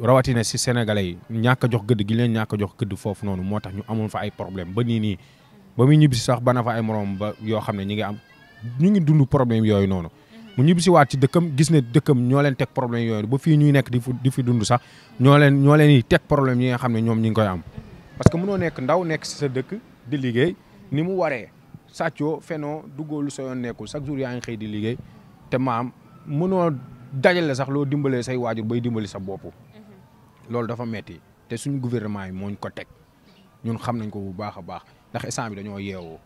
rawatina si sénégalais yi ñàkk a jox gëdd gi leen ñàkk jox gëdd foofu noonu moo tax ñu amoon fa ay problème ba nii nii ba mu ñibbisi sax bana fa ay moroom ba yoo xam ne ñu ngi am ñu ngi dund problème yooyu noonu mu ñibbisi waat ci dëkkam gis ne dëkkam ñoo leen teg problème yooyu ba fii ñuy nekk di di fi dund sax ñoo leen ñoo leen i teg problème yi nga xam ne ñoom ñu ngi koy am parce que mënoo nekk ndaw nekk si dëkk di liggéey ni mu waree sàccoo fenoo duggoo sa yoon nekkul jour yaa ngi xëy di liggéey te maam mënoo dajale sax loo dimbalee say waajur bay dimbali sa bopp. loolu dafa metti te suñu gouvernement yi mooñ ko teg ñun xam nañ ko bu baax a baax ndax instant bi dañoo yeewoo.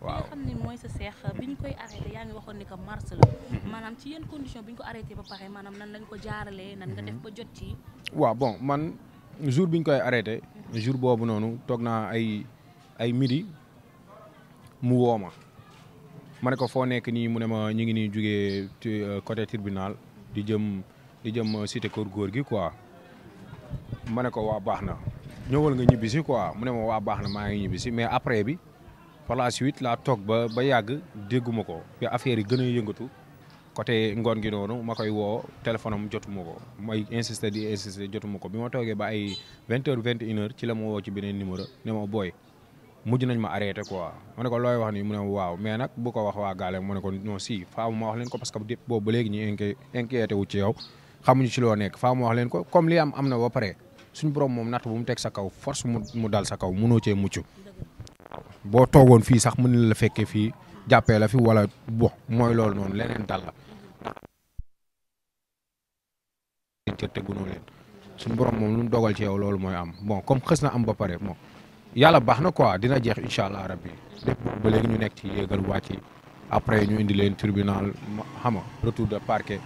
waaw xam ne mooy sa ni que mars ci yenn condition bi ko arrêté ba pare maanaam nan lañ ko jaaralee nan nga def ba jot ci. waaw bon man jour bi ñu koy arrêté. jour boobu noonu toog naa ay ay midi mu wooma ma ne ko foo nekk nii mu ne ma ñu ngi nii jugee euh, côté tribunal di jëm di jëm euh, cité kër góor gi quoi ma ne ko waa baax na ñëwal nga ñibbisi si quoi mu ne ma waa baax na maa ngi ñibbi si mais après bi par la suite laa toog ba ba yàgg dégguma ko bi affaire yi gën a yëngatu côté ngoon gi noonu ma koy woo téléphone am jotuma ko may insister di insister jotuma ko bi ma toogee ba ay vingt heures vingt ci la ma woo ci beneen numéro ne ma booy mujj nañ ma arrêté quoi ma ne ko looy wax nii mu ne waaw mais nag bu ko wax waa gaale mu ne ko non si faamu ma wax leen ko parce que boobu ba léegi ñu inquiété wu ci yow xamuñu ci loo nekk faamu ma wax leen ko comme li am am na ba pare suñu borom moom bu mu teg sa kaw force mu dal sa kaw munoo cee mucc boo toogoon fii sax mën na la fekkee fii jàppee la fi wala bo mooy loolu noonu leneen dal la cër te gunóo leen suñu borom moom lu mu dogal ci yow loolu mooy am bon comme xës na am ba pare moom yàlla baax na quoi dina jeex incha allah rabbi lépp ba léegi ñu nekk ci yéegal wàcc après ñu indi leen tribunal xama retour de parquet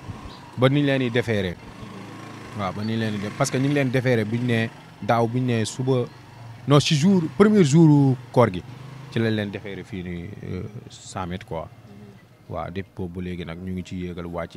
ba ni ñu leen di defeeree waaw ba ni ñu leen di parce que ñu ngi leen defeere bu ñu nee daaw bu ñu nee suba non si jour premier jour koor gi ci lañ leen defeere fii nii 100 euh, mètres quoi mm-hmm. waaw depuis boobu ba léegi nag ñu ngi ci yéegal wàcc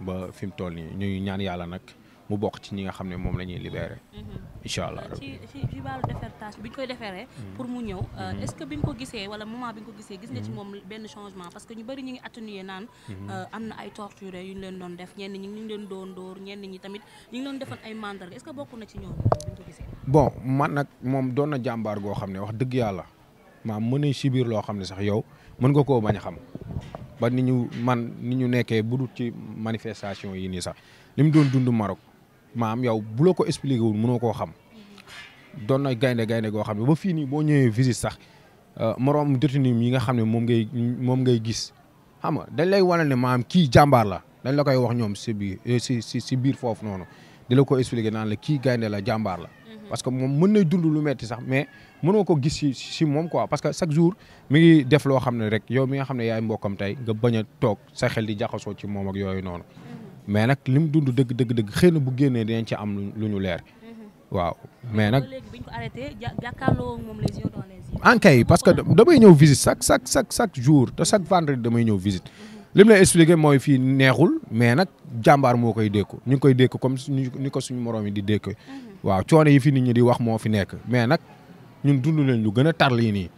ba fi mu toll ni ñu ñaan yàlla nag. mu bokk ci ñi nga xam ne moom la ñuy libéré. Mm-hmm. incha allah ci ci ci wàllu défertage bi ñu koy déféré. Mm-hmm. pour mu ñëw euh, mm-hmm. est ce que bi ñu ko gisee wala moment bi ñu ko gisee. gis nga ci moom benn changement parce que ñu bëri ñu ngi atténuer naan. Euh, am na ay torture yu ñu leen doon def ñenn ñi ñu ngi leen doon dóor ñenn ñi tamit ñu leen defal ay mandarga est ce que bokk na ci ñoom bon man nag moom doon na jàmbaar goo xam ne wax dëgg yàlla maam mënee si biir loo xam ne sax yow mën nga koo bañ xam ba ni ñu man ni ñu nekkee budul ci manifestation yi nii sax li mu dund Maroc maam yow bu la ko expliqué wul mënoo koo xam doon na gaynde gaynde goo xam ne ba fii nii boo ñëwee visite sax euh, moroom détenu yi nga xam ne moom ngay moom ngay gis xam nga dañ ne maam kii jàmbaar la dañ la koy wax ñoom si biir euh, si si si biir foofu noonu di la ko expliqué naan la kii gaynde la jàmbaar la mhm. parce que moom mën na dund lu metti sax mais mënoo ko gis si moom ko parce que chaque jour mu ngi def loo xam ne rek yow mi nga xam ne yaay mbokkam tey nga bañ a toog sa xel di jaxasoo ci moom yooyu noonu mhm. mais nag li mu dund dëgg dëgg dëgg xëy na bu génnee dinañ ci am lu ñu leer. Mm-hmm. waaw mais nag ankay parce que damay ñëw visite chaque chaque chaque chaque jour te chaque vendredi damay ñëw visite mm-hmm. li mu lay expliqué mooy fii neexul mais nag jàmbaar moo koy dékku ñu ngi koy dékk comme ni ko suñu moroom yi di dékku mm-hmm. waaw coono yi fi nit ñi di wax moo fi nekk mais nag ñun dund leen lu gën a tar lii nii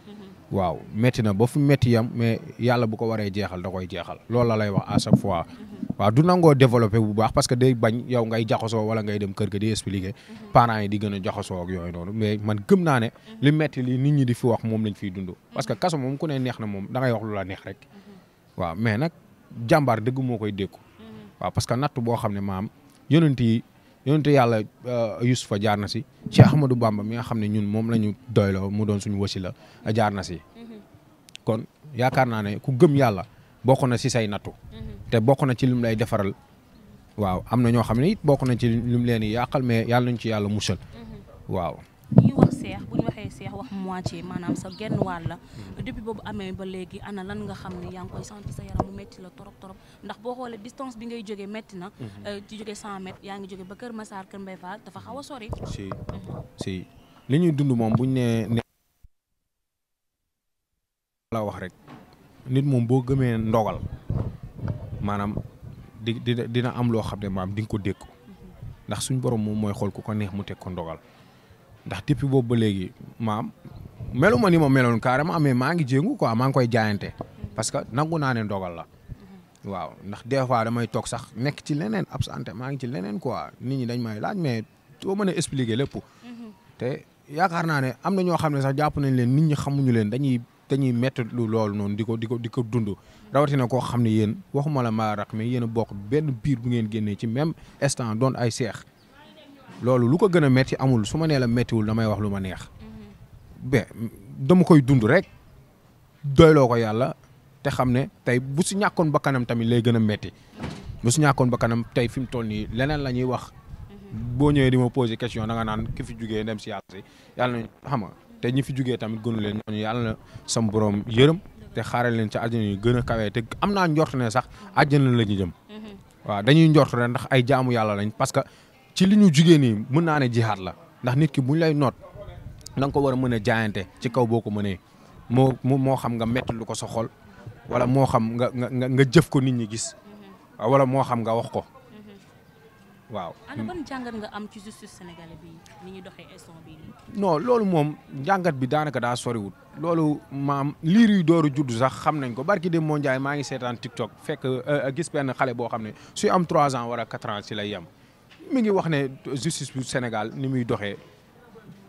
waaw métti na ba fu métti yam mais yàlla bu ko waree jeexal da koy jeexal loolu la lay wax à chaque fois waaw du nangoo développé bu baax parce que day bañ yow ngay jaxasoo wala ngay dem kër ga di expliquer mhm. parents yi di gën a jaxasoo ak yooyu noonu mais man gëm naa ne mhm. li metti yi nit ñi di fi wax moom lañ fiy dund parce que mhm. kaso moom ku ne neex na moom da ngay wax lu la neex rek waaw mais nag jàmbaar dëgg moo koy dékku waaw parce que natt boo xam ne maam yonent yi yonent yàlla euh, Yusufa jaar na si Cheikh Ahmadou Bamba mi nga xam ne ñun moom la ñu doyloo mu doon suñu wasi la jaar na si kon yaakaar naa ne ku gëm yàlla bokk na ci say nattu. Mm-hmm. te bokk na ci lim lay defaral. waaw am na ñoo xam ne it bokk na ci lum leen di yàqal mais yàlla nañ ci yàlla musal. Mm-hmm. waaw. ñuy wax seex bu ñu waxee seex wax moitié maanaam sa genn wàll la mm-hmm. depuis boobu amee ba léegi ana lan nga xam ne yaa ngi koy sentir sa yaram mu métti la torop torop ndax boo xoolee distance bi ngay jógee métti na. ci jóge 100 mètres yaa ngi jógee ba Kër Massar Kër Mbaye Fall dafa xaw a sori. si si li ñuy dund moom bu ñu nee la wax rek. nit moom boo gëmee ndogal maanaam di dina am loo xam ne maam di nga ko dékku ndax suñ borom moom mooy xool ku ko neex mu teg ko ndogal ndax depuis boobu ba léegi maam melu ma ni ma meloon carrément mais maa ngi jéngu ko maa ngi koy jaayante parce que nangu naa ne ndogal la waaw ndax des fois damay toog sax nekk ci leneen absenté maa ngi ci leneen quoi nit ñi dañ may laaj mais doo mën a expliquer lépp mhm. te yaakaar naa ne am na ñoo xam ne sax jàpp nañ leen nit ñi xamuñu leen dañuy dañuy ñuy lu loolu noonu di ko di ko di ko dund rawatina koo xam ne yéen waxuma la maa rax mais yéen a bokk benn biir bu ngeen génnee ci même instant doon ay seex loolu lu ko gën a métti amul su ma nee la méttiwul damay wax lu ma neex be koy dund rek doyloo ko yàlla te xam ne tey bu si ñàkkoon ba kanam tamit lay gën a métti bu si ñàkkoon ba kanam tey fi mu toll nii leneen la ñuy wax mm-hmm. boo ñëwee di ma posé question da naan ki fi jugee dem si yàlla si yàlla nañ xam te ñi fi jugee tamit gënu leen ñooñu yàlla na sam borom yërëm te xaaral leen ci àjjana yu gën a kawee te am naa njort ne sax àjjana la ñu jëm waaw dañuy njortu ne ndax ay jaamu yàlla lañ parce que ci li ñu jugee nii mën naa ne jihaat la ndax nit ki bu buñ lay noot da nga ko war a mën a jaayante ci kaw boo ko mënee moo moo xam nga metti ko soxol xol wala moo xam nga nga nga jëf ko nit ñi gis wala moo xam nga wax ko waaw ana ban jàngat nga am ci justice sénégalais bi ni ñu doxee instant loolu moom jàngat bi daanaka daa soriwut loolu maam liir yu dooru juddu sax xam nañ ko barki dem moo njaay maa ngi seetaan TikTok fekk euh, euh, gis benn xale boo xam ne su am 3 ans wara 4 ans ci lay yem mi ngi wax ne justice bu Sénégal ni muy doxee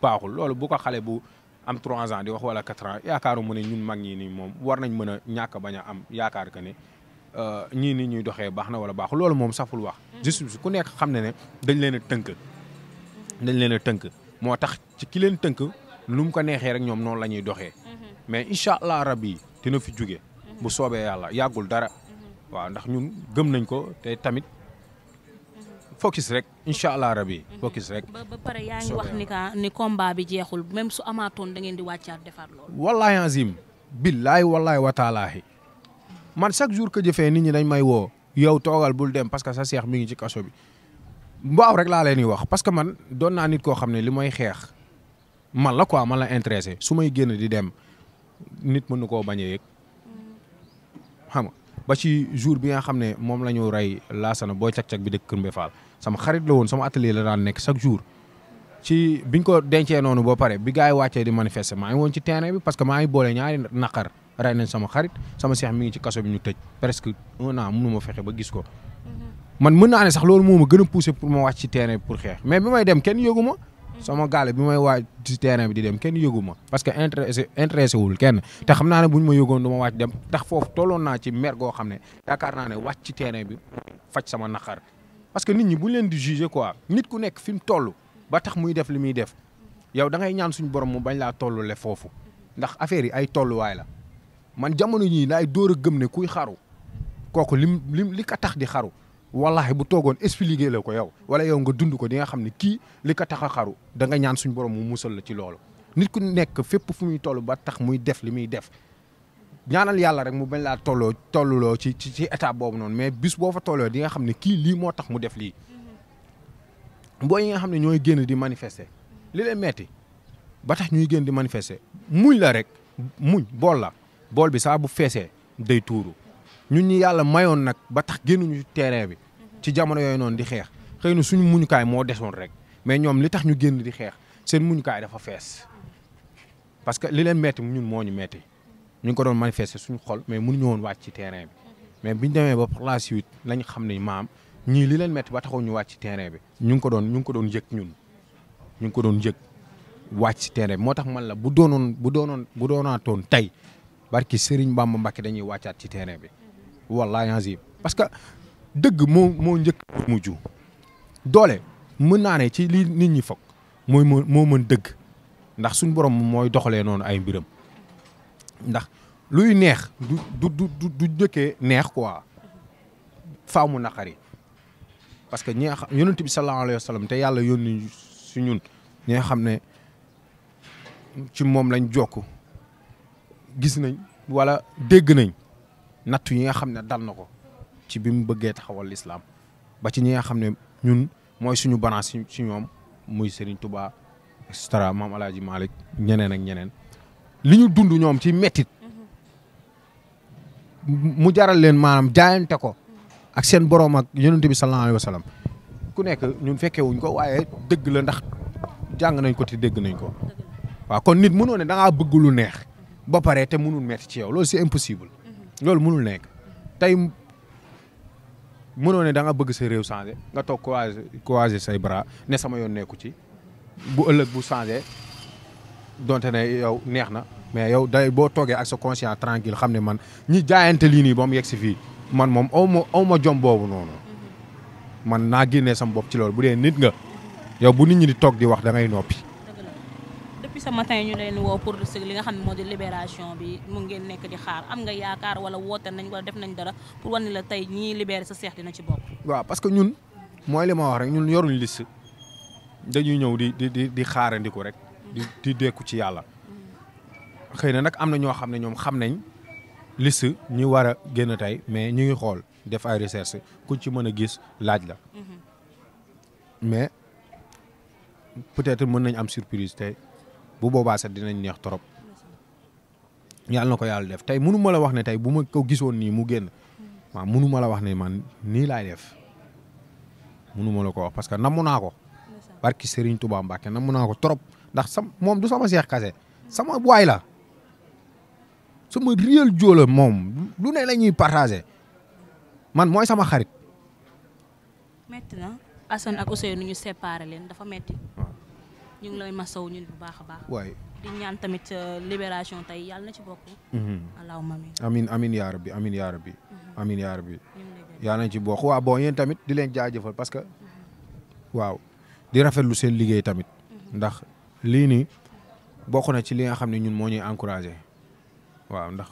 baaxul loolu bu ko xale bu am 3 ans di wax wala 4 ans yaakaaru mu ne ñun mag ñi nii moom war nañ mën a ñàkk bañ a am yaakaar que ne Euh, ñii ni ñuy doxee baax na wala baaxul loolu moom saful wax mm-hmm. justice ku nekk xam ne ne dañ leen a tënk mm-hmm. dañ leen a tënk moo tax ci ki leen tënk lu mu ko neexee rek ñoom noonu la ñuy doxee mm-hmm. mais incha allah rabi dina fi jóge bu soobee yàlla yàggul dara waaw ndax ñun gëm nañ ko te tamit focus rek incha allah yi focus rek. ba ba yaa ngi wax ni ka ni bi jeexul même su amaatoon da ngeen di wàccaat defaat loolu. wallaahi azim. billaahi wallaahi wataalaahi man chaque jour que jëfee nit ñi dañ may woo yow toogal bul dem parce que sa seex mi ngi ci kaso bi mbaaw rek laa leen di wax parce que man doon naa nit koo xam ne li mooy xeex man la quoi man la intéressé su may génn di dem nit mën na koo bañ a yëg xam nga ba ci jour bi nga xam ne moom la ñu rey laasana booy cag-cag bi dëkk Kër Mbaye Fall sama xarit la woon sama atelier la daan nekk chaque jour ci biñ ko dencee noonu boo pare bi gars yi wàccee di manifester maa ngi woon ci naqar rey nañ sama xarit sama seex mi ngi ci kaso bi ñu tëj presque un an mënu ma fexe ba gis ko. Mhm. man mën naa ne sax loolu moom ma gën a poussé pour ma wàcc ci terrain pour xeex mais bi may dem kenn yëgu ma mhm. sama gaale bi may wàcc ci terrain bi di dem kenn yëgu ma parce que intéressé intéressé wul kenn te xam naa ne bu ñu ma yëgoon du ma wàcc dem ndax foofu tolloon naa ci mer xam ne yaakaar naa ne wàcc ci terrain bi faj sama naqar parce que nit ñi bu ñu leen di juger quoi nit ku nekk fi mu toll ba tax muy def li muy def yow da ngay ñaan suñu borom mu bañ laa tollulee foofu ndax affaire yi ay tolluwaay la. man jamono ñii laay dóor a gëm ne kuy xaru kooku lim lim li ko tax di xaru wallahi bu toogoon expliqué la ko yow wala yow nga dund ko di nga xam ne kii li ko tax a xaru da nga ñaan suñ borom mu musal la ci loolu nit ku nekk fépp fu muy toll ba tax muy def li muy def ñaanal yàlla rek mu bañ laa tolloo tolluloo ci ci ci état boobu noonu mais bis boo fa tolloo di nga xam ne kii lii moo tax mu def lii boo yi nga xam ne ñooy génn di manifester li leen ñuy génn di manifester muñ la rek muñ bool bool bi saa bu feesee day tuuru ñun ñu yàlla mayoon nag ba tax génnuñu terrain bi ci jamono yooyu noonu di xeex xëy na suñu muñukaay moo desoon rek mais ñoom li tax ñu génn di xeex seen muñukaay dafa fees parce que li leen metti ñun moo ñu metti ñu ngi ko doon manifester suñu xol mais mënuñu woon wàcc ci terrain bi mais biñ demee la suite lañ xam ne maam ñii li leen metti ba taxaw ñu wàcc ci terrain bi ñu ngi ko doon ñu ngi ko doon yëg ñun ñu ngi ko doon yëg wàcc ci terrain bi moo tax man la bu doonoon bu doonoon bu doonaatoon tey barki Serigne Bamba mbakki dañuy wàccaat ci terrain bi wallaahi azim parce que dëgg moo moo mu ju doole mën naa ne ci li nit ñi foog mooy moo mën dëgg ndax suñ borom mooy doxalee noonu ay mbiram ndax luy neex du du du du njëkkee neex ko faaw mu naqari parce que ñi nga xam yonent bi sallallahu te yàlla yónni su ñun ñi xam ne ci moom lañ jokk gis nañ wala dégg nañ nattu yi nga xam ne dal na ko ci bi mu bëggee taxawal lislaam ba ci ñi nga xam ne ñun mooy suñu balance ci ñoom muy Serigne Touba et cetera maam El ñeneen ak ñeneen li ñu dund ñoom ci metit mu jaral leen maanaam jaayante ko ak seen borom ak yonent bi sallallahu alayhi ku nekk ñun fekkee wuñ ko waaye dëgg la ndax jàng nañ ko te dégg nañ ko waaw kon nit mu ne da ngaa bëgg lu neex. ba pare te mënul metti ci yow loolu si impossible. loolu mënul nekk tey mënoo ne da nga bëgg sa réew changer nga toog croiser croiser say bras ne sama yoon nekku ci bu ëllëg bu changer donte ne yow neex na mais yow day boo toogee ak sa conscience tranquille xam ne man ñi jaayante lii nii ba yegg si fii man moom aw ma aw boobu noonu man naa génnee sama bopp ci loolu bu dee nit nga yow bu nit ñi di toog di wax da ngay noppi. sa matin ñu leen woo pour li nga xam ne moo di libération bi mu ngeen nekk di xaar am nga yaakaar wala woote nañ wala def nañ dara pour wane la tey ñii libéré sa seex dina ci bokk. waaw parce ñun mooy li ma wax rek ñun yoruñ liste dañuy ñëw di di di di xaarandiku rek. di di dekku ci yàlla. xëy na nag am na ñoo xam ne ñoom xam nañ liste ñi war a génn tey mais ñu ngi xool def ay recherche ku ci mën a gis laaj la. Mhm. mais peut mën nañ am surprise tey. bu boobaa sax dinañ neex trop yàlla na ko yàlla def tey munu la wax ne tey bu ma ko gisoon nii mu génn waaw munu la wax ne man nii laay def munu la ko wax parce que mu naa ko. barki Serigne Touba Mbacke namu naa ko trop ndax sam moom du sama seex kase sama waay la sama réel joola moom lu ne la ñuy partagé man mooy sama xarit. metti na Assane ñu ngi lay masaw baax waay di ñaan tamit euh, libération tey yàlla na ci bokk. Mhm. allahumma amiin amiin amiin yaa rabbi amiin yaa rabbi. Mhm. amiin yaa rabbi yàlla na ci bokk waaw bon yéen tamit di leen jaajëfal parce que waaw di rafetlu seen liggéey tamit. Mhm. ndax lii nii bokk na ci li nga xam ne ñun moo ñuy encourager waaw ndax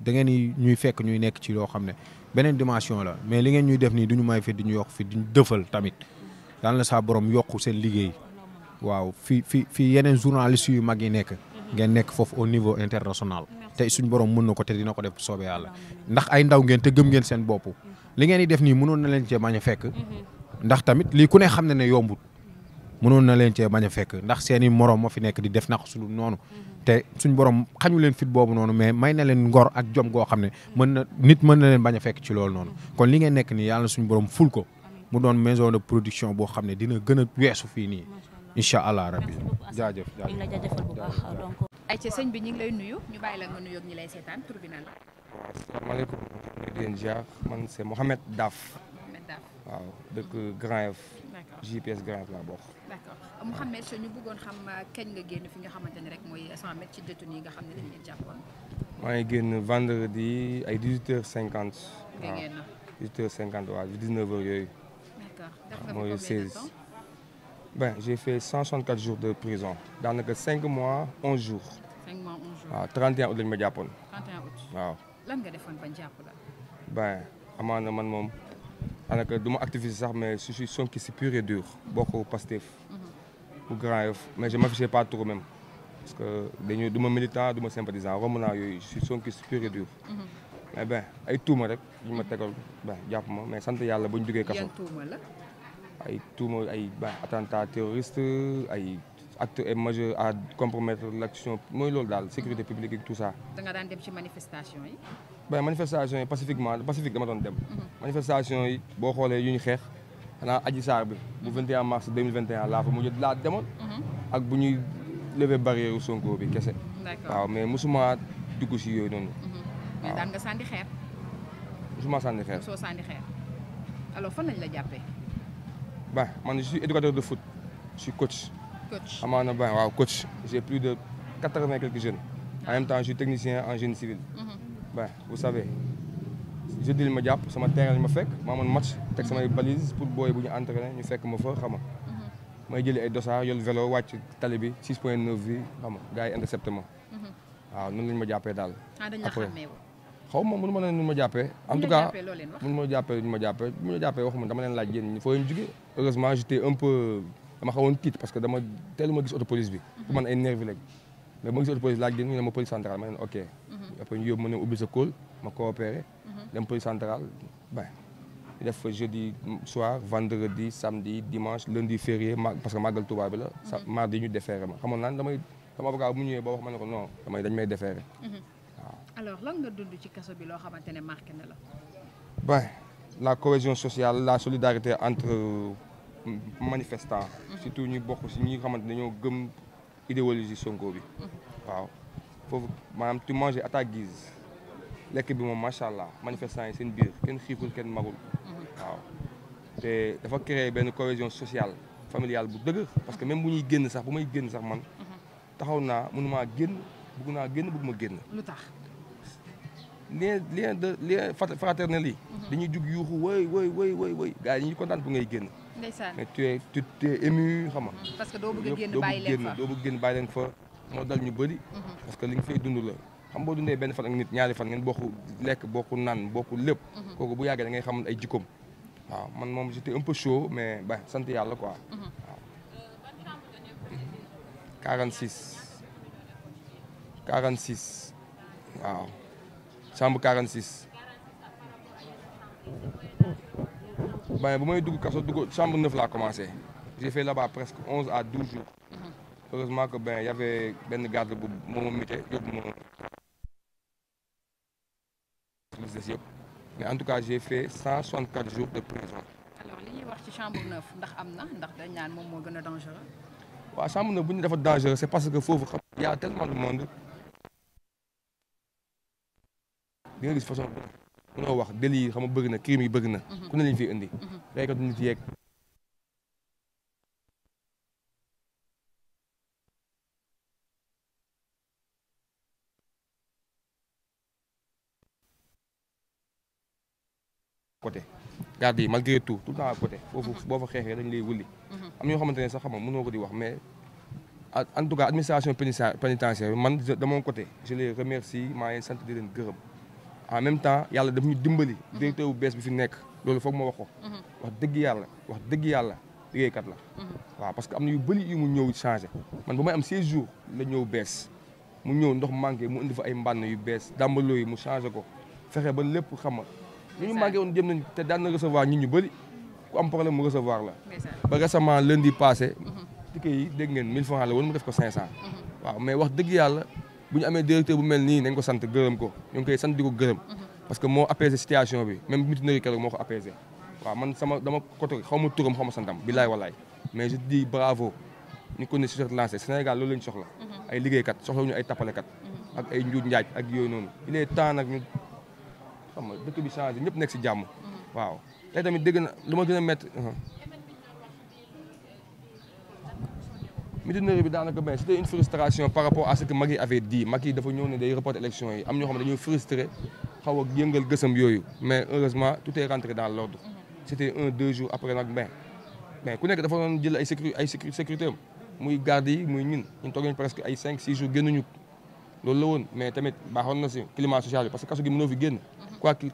da ngeen ñuy fekk ñuy nekk ci loo xam ne beneen dimension la mais li ngeen ñuy def nii du ñu may fi di ñu yokk fi di dëfal tamit yàlla na saa boroom yokk seen liggéey. waaw fi fi fi yeneen journalistes yu mag yi nekk. ngeen nekk foofu au niveau international. te suñ borom mën na ko te dina ko def soobee yàlla ndax ay ndaw ngeen te gëm ngeen seen bopp. li ngeen di def nii mënoon na leen cee bañ a fekk. ndax tamit lii ku ne xam na ne yombut. mënoon na leen cee bañ a fekk ndax seen i morom moo fi nekk di def na su dul noonu. te suñ borom xañu leen fit boobu noonu mais may na leen ngor ak jom goo xam ne mën na nit mën na leen bañ a fekk ci loolu noonu. kon li ngeen nekk nii yàlla suñu borom ful ko mu doon maison de production boo xam ne dina gën a weesu fii nii. incha allah rabbi jaajëf jaajëf la jaajëfal bu baax donc. ay ci sëñ bi ñu lay nuyu ñu bàyyi la nga nuyoog ñi lay seetaan tur bi la. waaw asalaamaaleykum Grand F. GPS Grand F laa bokk. d'accord Mohamed ñu bëggoon xam euh, kañ nga génn fi nga xamante rek mooy 100 mètres ci détenu yi nga xam ne dañ leen jàppoon. génn vendredi ay 18h50. nga génn waaw yooyu. Ben, j'ai fait 164 jours de prison. daanaka 5 mois 11 jours. 5 mois 11 jours waaw ah, 31 août lañ ma jàppoon. 31 août waaw. lan nga defoon bañ man moom daanaka du ma activiste sax mais si suis sonkiste pur et dur bokk Pastef. bu mhm. Grand Yoff mais je m'affichais pas trop même. parce que dañuy du ma militant du ma sympathisant romb naa yooyu je suis sonkiste pur et dur. Mhm. mais ay tuuma rek. ñu ma tegal ben jàpp ma mais sant yàlla buñ duggee kaso. ay tuuma ay attentat terroriste ay acte est majeur à compromettre l'action mooy loolu daal sécurité publique et tout ça. da nga daan dem ci manifestation yi. ben manifestation yi pacifiquement pacifique dama doon dem. Mhm. manifestation yi boo xoolee yu ñu xeex xanaa aji saar bi bu 21 mars 2021 laa fa mujj laa demoon. Mhm. ak bu ñuy lever barrière yu Sonko bi kese. waaw mais mosuma dugg si yooyu noonu. Mhm. waaw daan nga sànni xeer. mosuma sànni xeer fan lañ la jàppee. ben man je suis éducateur de foot je suis coach. coach amaana ben waaw coach j'ai plus de quatre-vingts quelques jeunes en même temps je technicien en génie civil. Mhm. ben vous savez jeudi ma jàpp sama terrain lañ ma fekk ma moon match teg samay balise pour booy bu ñu entraîné ñu fekk ma fa xam nga mhm. may jëli ay dossard yol vélo wàcc tali bi 6 point 9 bi xam nga gars yi intercepté ma. Mhm. waaw noonu lañ ma jàppee daal. Ah, après xaw ma mënu ma ne nu ma jàppee en tout cas mënu ma jàppee nu ma jàppee mu ma jàppee waxuma dama leen parce que dama teel ma gis autopolice bi pour man ay ma gis autopolice laaj leen ñu ne ma police centrale ma leen ok mhm. après ñu yóbbu ma ne ubbi sa kóol ma coopéré mhm. dem police centrale ben que màggal Tuubaa la mhm. mardi ñu déféré ma xamoon naan damay sama mu ñëwee boo wax ne ko non dañ may déféré alors lan nga dund ci kaso bi loo xamante ne marqué na la. ben la cohésion sociale la solidarité entre euh, manifestant mhm. surtout ñu bokk si ñi nga xamante dañoo gëm idéologie Sonko bi. Mhm. waaw foofu maanaam tu manger à gis lekk bi moom macha allah manifestants yi seen biir kenn xiiful kenn magul. Mhm. waaw te dafa créer benn cohésion sociale familiale bu dëgg parce que même bu ñuy génn sax bu may génn sax man. taxaw naa mënumaa génn bëgg naa génn bëgg ma génn. lu tax. lien lien de lien fraternel yi. Mhm. dañuy jug yuuxu woy woy woy woy woy gars yi ñu kontaan bu ngay génn. ndeysaan mais tu es tu es ému xam nga. Mhm. parce que doo génn bàyyi leen fa doo bëgg génn bëri. parce que li nga fay dund la. xam boo dundee benn fan ak nit ñaari fan ngeen bo lekk bokk naan bokk lépp. Mhm. kooku bu yàggee da ngay xam ay jikkoom. waaw man moom j'étais un peu chaud mais ba sant yàlla quoi. waaw. 46. 46. chambre 46. ben bu may dugg kaso dugg chambre 9 laa commencé j'ai fait là-bas presque 11 à 12 jours heureusement ben y avait benn garde bu moom mité yóbbu ma. mais en tout cas j'ai fait 164 jours de prison. alors li ñuy wax ci chambre am na ndax dañ naan moom moo gën a dangereux. waaw chambre 9 bu ñu dafa dangereux c'est parce foofu y a tellement de monde. di nga gis façon mënoo wax déli yi xam bëgg na crime yi bëgg na mhm. ku ne lañ fi indi mhm. reykatu nit yeeg côté garde yi malgré tout tout le temps à côté foofu mhm. boo fa xeexee dañ lay wulli am ñoo xamante ne sax xam nga mënoo ko di wax mais en tout cas administration pénitentiaire man de mon côté je les remercie maa ngi sant di leen gërëm en même temps yàlla daf ñu dimbali. Mhm. directeur u bees bi fi nekk loolu foog ma wax ko. Mhm. wax dëgg yàlla wax dëgg yàlla kat la. Mhm. waaw parce que am na yu bëri yu mu ñëw changé man ba may am 16 jour la ñëw bees mu ñëw ndox manqué mu indi fa ay mbànn yu bees dàmbaloo yi mu changé ko fexe ba lépp xam nga ñu ñu manqué woon jëm nañ te daan na recevoir ñun ñu bëri ku am problème mu recevoir la. ba récemment lundi passé. ticket yi dégg ngeen 1000 francs la woon mu def ko 500. waaw bu ñu amee directeur bu mel nii nañ ko sant gërëm ko ñu ngi koy sant di ko gërëm parce que moo apaisé situation bi même mutinerie keroog moo ko apaisé waaw man sama dama côté xaw ma turam xaw ma santam bilaay walaay mais je dis bravo ñu ko ne sur cette lancée Sénégal loolu lañ soxla ay liggéeykat soxla ñu ay tappalekat ak ay njuuj njaaj ak yooyu noonu il est temps nag ñu xam nga dëkk bi changé ñëpp nekk si jàmm waaw tey tamit dégg na lu ma gën a métti uh-huh. mutinerie bi daanaka benn c'était une frustration par rapport à ce que Macky avait dit Macky dafa ñëw ne day reporter élection yi am ñoo xam ne dañoo frustré xaw a yëngal gësam yooyu mais heureusement tout est rentré dans l'ordre c'était un deux jours après nag mais ku nekk dafa doon jël ay sécurité muy garde yi muy ñun ñun toog nañ presque ay cinq six jours génnuñu loolu la woon mais tamit baaxoon na si climat social bi parce que kaso gi mënoo fi génn quoi que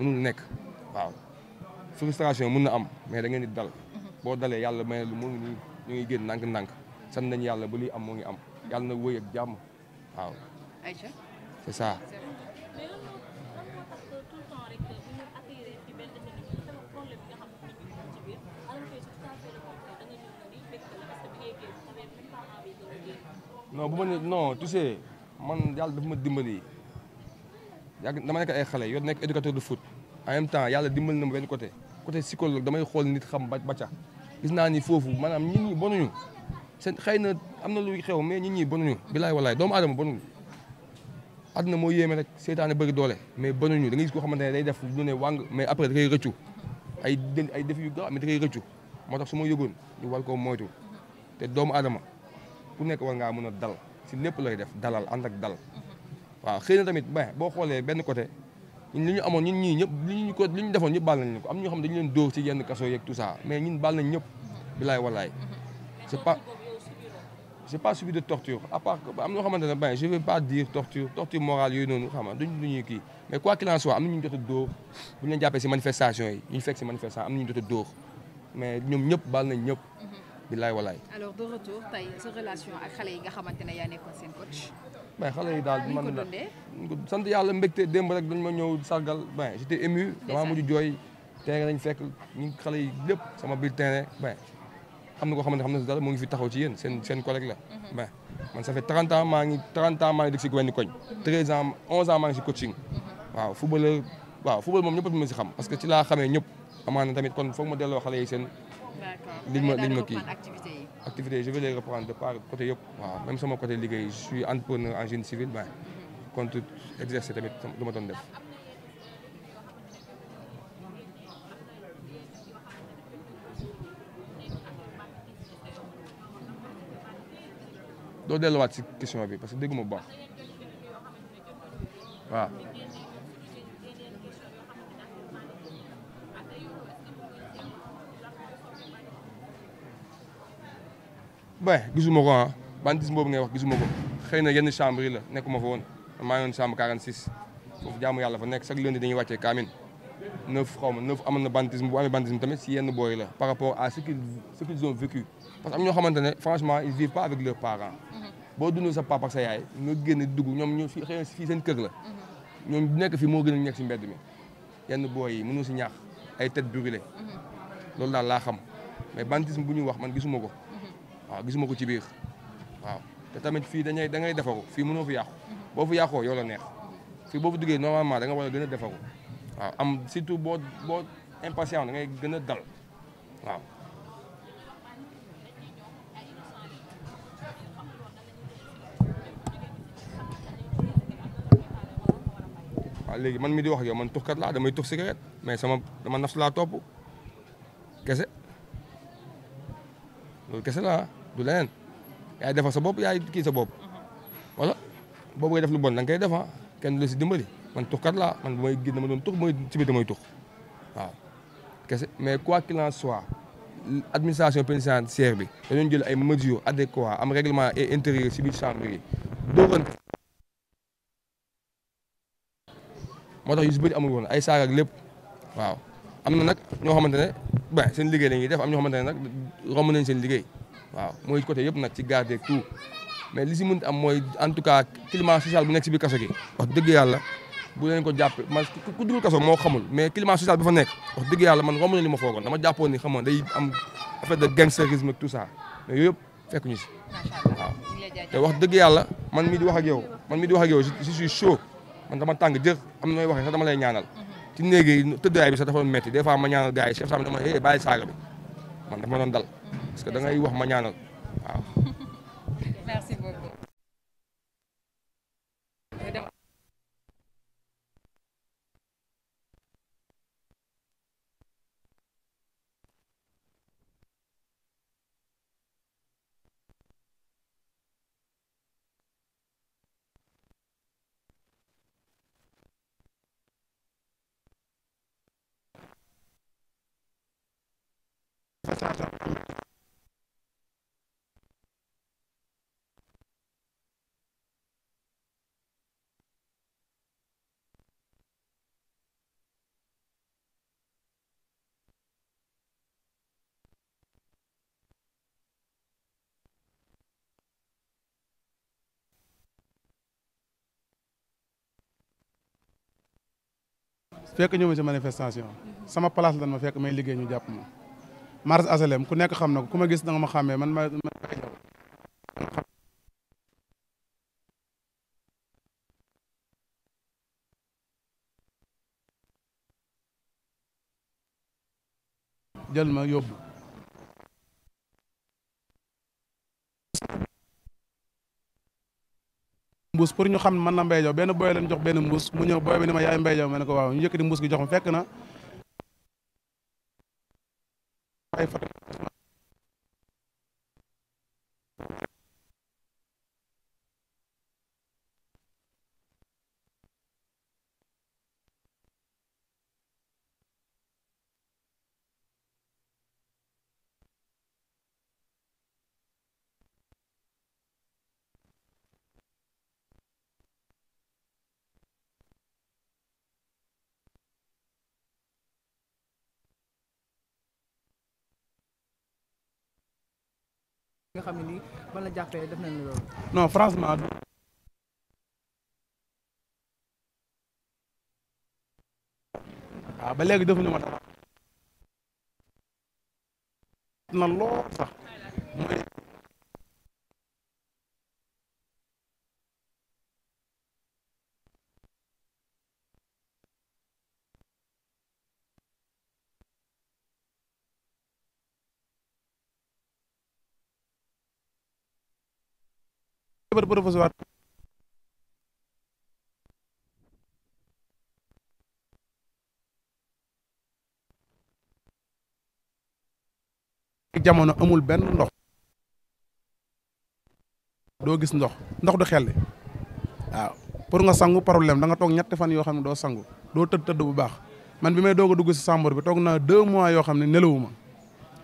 nekk waaw frustration mën na am mais da ngeen di dal boo dalee yàlla may lu mu ngi nii ñu ngi génn ndànk-ndànk sant nañ yàlla ba lii am moo ngi am yàlla na wëy jàmm waaw. ayca bu ma ne non tu man yàlla dafa ma dimbali yàgg dama nekk ay xale yow nekk éducateur de foot en même temps yàlla dimbali na ma benn côté côté psychologue damay xool nit xam ba ba ca gis naa ni foofu maanaam nit ñi bonuñu seen xëy na am na luy xew mais nit ñi bonuñu bilaay walaay doomu aadama bonuñu àdduna moo yéeme rek seytaane bëri doole mais bonuñu da ngay gis koo xamante ne day def lu ne wàng mais après da koy rëccu ay ay def yu gaaw mais da moo tax su ma yëgoon ñu war koo moytu te doomu aadama ku nekk war ngaa mën dal si lépp lay def dalal ànd dal waaw xëy na tamit ba boo xoolee benn côté li ñu amoon ñun ñii ñëpp li ñu ko nañ ñëpp bilaay wallaay mhm. c'est pas j'ai pas subi de torture à part am na ñoo xamante ne ben je vais pas dire torture torture morale yooyu noonu xam nga duñ duñuy kii mais quoi qu'il en soit am na ñu jot a dóor bu ñu leen jàppee si manifestation yi ñu fekk si manifestation am na ñu jot a dóor mais ñoom ñëpp baal nañ ñëpp mhm. bilaay walaay. alors de retour tey sa relation ak xale yi nga xamante ne yaa nekkoon seen coach. ben xale yi daal ah, man la sant yàlla mbégte démb rek dañ ma ñëw sargal ben j'étais ému. damaa mujj jooy terrain lañ fekk ñu xale yi lépp sama bulletin rek ben am na koo xam na si dara mu ngi fi taxaw ci yéen seen seen collègue la mais mhm. man ça fait 30 ans maa ngi 30 ans maa ngi dëkk si koñ 13 ans 11 si coaching mhm. waaw footballeur waaw football moom ñëpp ma si xam parce que ci laa xamee ñëpp amaana tamit kon foog ma delloo xale yi seen liñ ma liñ ma kii activité yi je vais les reprendre de part côté yëpp waaw même sama côté liggéey je suis entrepreneur en génie civil mais mhm. compte exercer tamit du ma doon def doo delluwaat si question bi parce que dégguma bu baax waaw. ba gisuma ko ah banditisme boobu ngay wax ko xëy na yenn chambre yi la nekkuma fa woon maa ngi woon chambre 46 foofu jaamu yàlla fa nekk chaque lundi dañuy wàccee Kamin neuf xaw ma neuf amoon na banditisme bu amee banditisme tamit si yenn booy la par rapport à ce qu'ils ce vécu. parce que am ñoo xamante ne franchement ils vivent pas avec leurs parents. Mhm. boo dundoo sa papa ak sa yaay nga génn dugg ñoom ñoo fi xëy na fii seen kër la. Mhm. ñoom nekk fi moo gën a nekk si mbedd mi. yenn booy yi mënu si ñaax ay tête brûlée. Mhm. loolu daal laa xam mais banditisme bu ñuy wax man gisuma ko. waaw gisuma ko ci biir waaw te tamit fii dañay da ngay defaru fii mënoo fi yàqu. boo fi yàqoo yow la neex fii boo fi duggee normalement da nga war a gën a am surtout boo boo impatient da ngay gën a dal waaw léegi man mi di wax yow man tuxkat laa damay tux cigarette mais sama dama nafs laa topp kese loolu kese laa du leneen yaay defal sa bopp yaay kii sa bopp voilà boobu ngay def lu bon da nga koy def ah. kenn du si dimbali man tuxkat laa man bu may gis dama doon tux mooy ci biir damay tux waaw kese mais quoi qu'il en soit administration pénitentiaire bi dañoo jël ay mesures adéquates am règlement et intérieur si biir chambre yi moo tax yu si bëri amul woon ay saaga ak lépp waaw am na nag ñoo xamante ne ba seen liggéey la ñuy def am ñoo xamante ne nag romb nañ seen liggéey waaw mooy côté yëpp nag ci garde ak tout mais li si mënti am mooy en tout cas climat social bu nekk si biir kaso gi wax dëgg yàlla bu leen ko jàppee man ku moo xamul mais climat social bi fa nekk wax dëgg yàlla man romb na li ma foogoon dama jàppoon ni day am affaire de gangstérisme ak tout ça mais yooyu yëpp fekk ñu si waaw wax dëgg yàlla man mi di wax ak yow man mi di wax ak yow je suis man dama tàng jër am nooy waxee sax dama lay ñaanal mm-hmm. ci néegi tëddaay bi sax dafa metti des fois ma ñaanal gars yi chef sam dama eh bàyyi saaga bi man dafa ma doon mm-hmm. parce que da ngay wax ma ñaanal waaw fekk ñëw ma ci manifestation sama place lan ma fekk may liggéey ñu jàpp ma Mars Asalem ku nekk xam na ko ku ma gis da nga ma xàmmee man ma ma jël ma yóbbu mbuus pour ñu xam man na Mbaye Diaw benn booy leen jox benn mbuus mu ñëw booy bi ne ma yaay Mbaye Diaw ko waaw ñu yëkkati mbuus gi jox ma fekk na bàyyi fa nga xam ne nii ban la jàppee def nañ loolu. non franchement. waaw ah, ba léegi defuñu ma dara. sax. bar proposé waat jamono amul benn ndox doo gis ndox ndox du xelli waaw pour nga sangu problème da nga toog ñetti fan yoo xam ne doo sangu doo tëdd tëdd bu baax man bi may doog dugg si sàmbur bi toog naa deux mois yoo xam ne nelawuma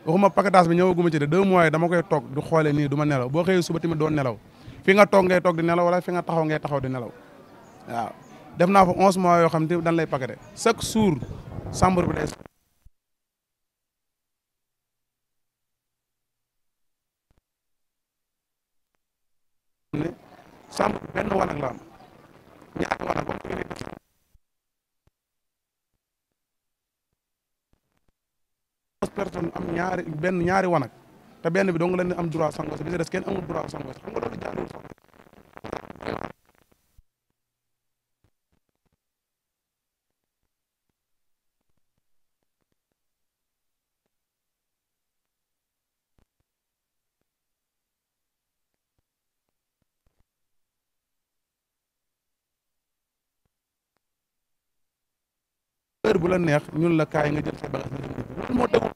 waxuma paquetage bi ñëwaguma ci de deux mois dama koy toog du xoole nii du ma nelaw boo xëyee suba tamit doo nelaw fi nga toog ngay toog di nelaw wala fi nga taxaw ngay taxaw di nelaw waaw def naa fa onze mois yoo xam te dañ lay paqueté chaque jour chambre bi day sàmm benn wanag la am ñaari wanag benn ñaari wanag te benn bi dong lañ am droit sango si bi si des kenn amul droit sango si xam nga loolu jaaduwul sax heure bu la neex ñun la kaay nga jël sa bagage nga dem loolu moo dëgg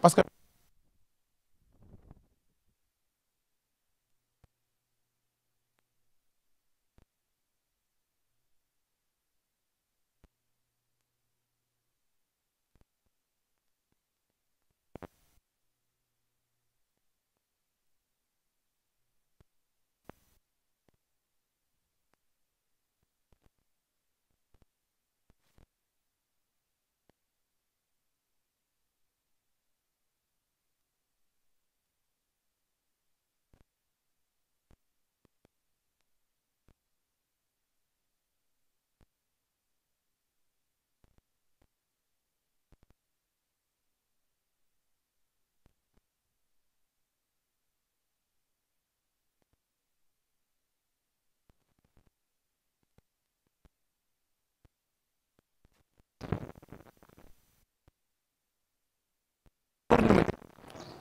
parce que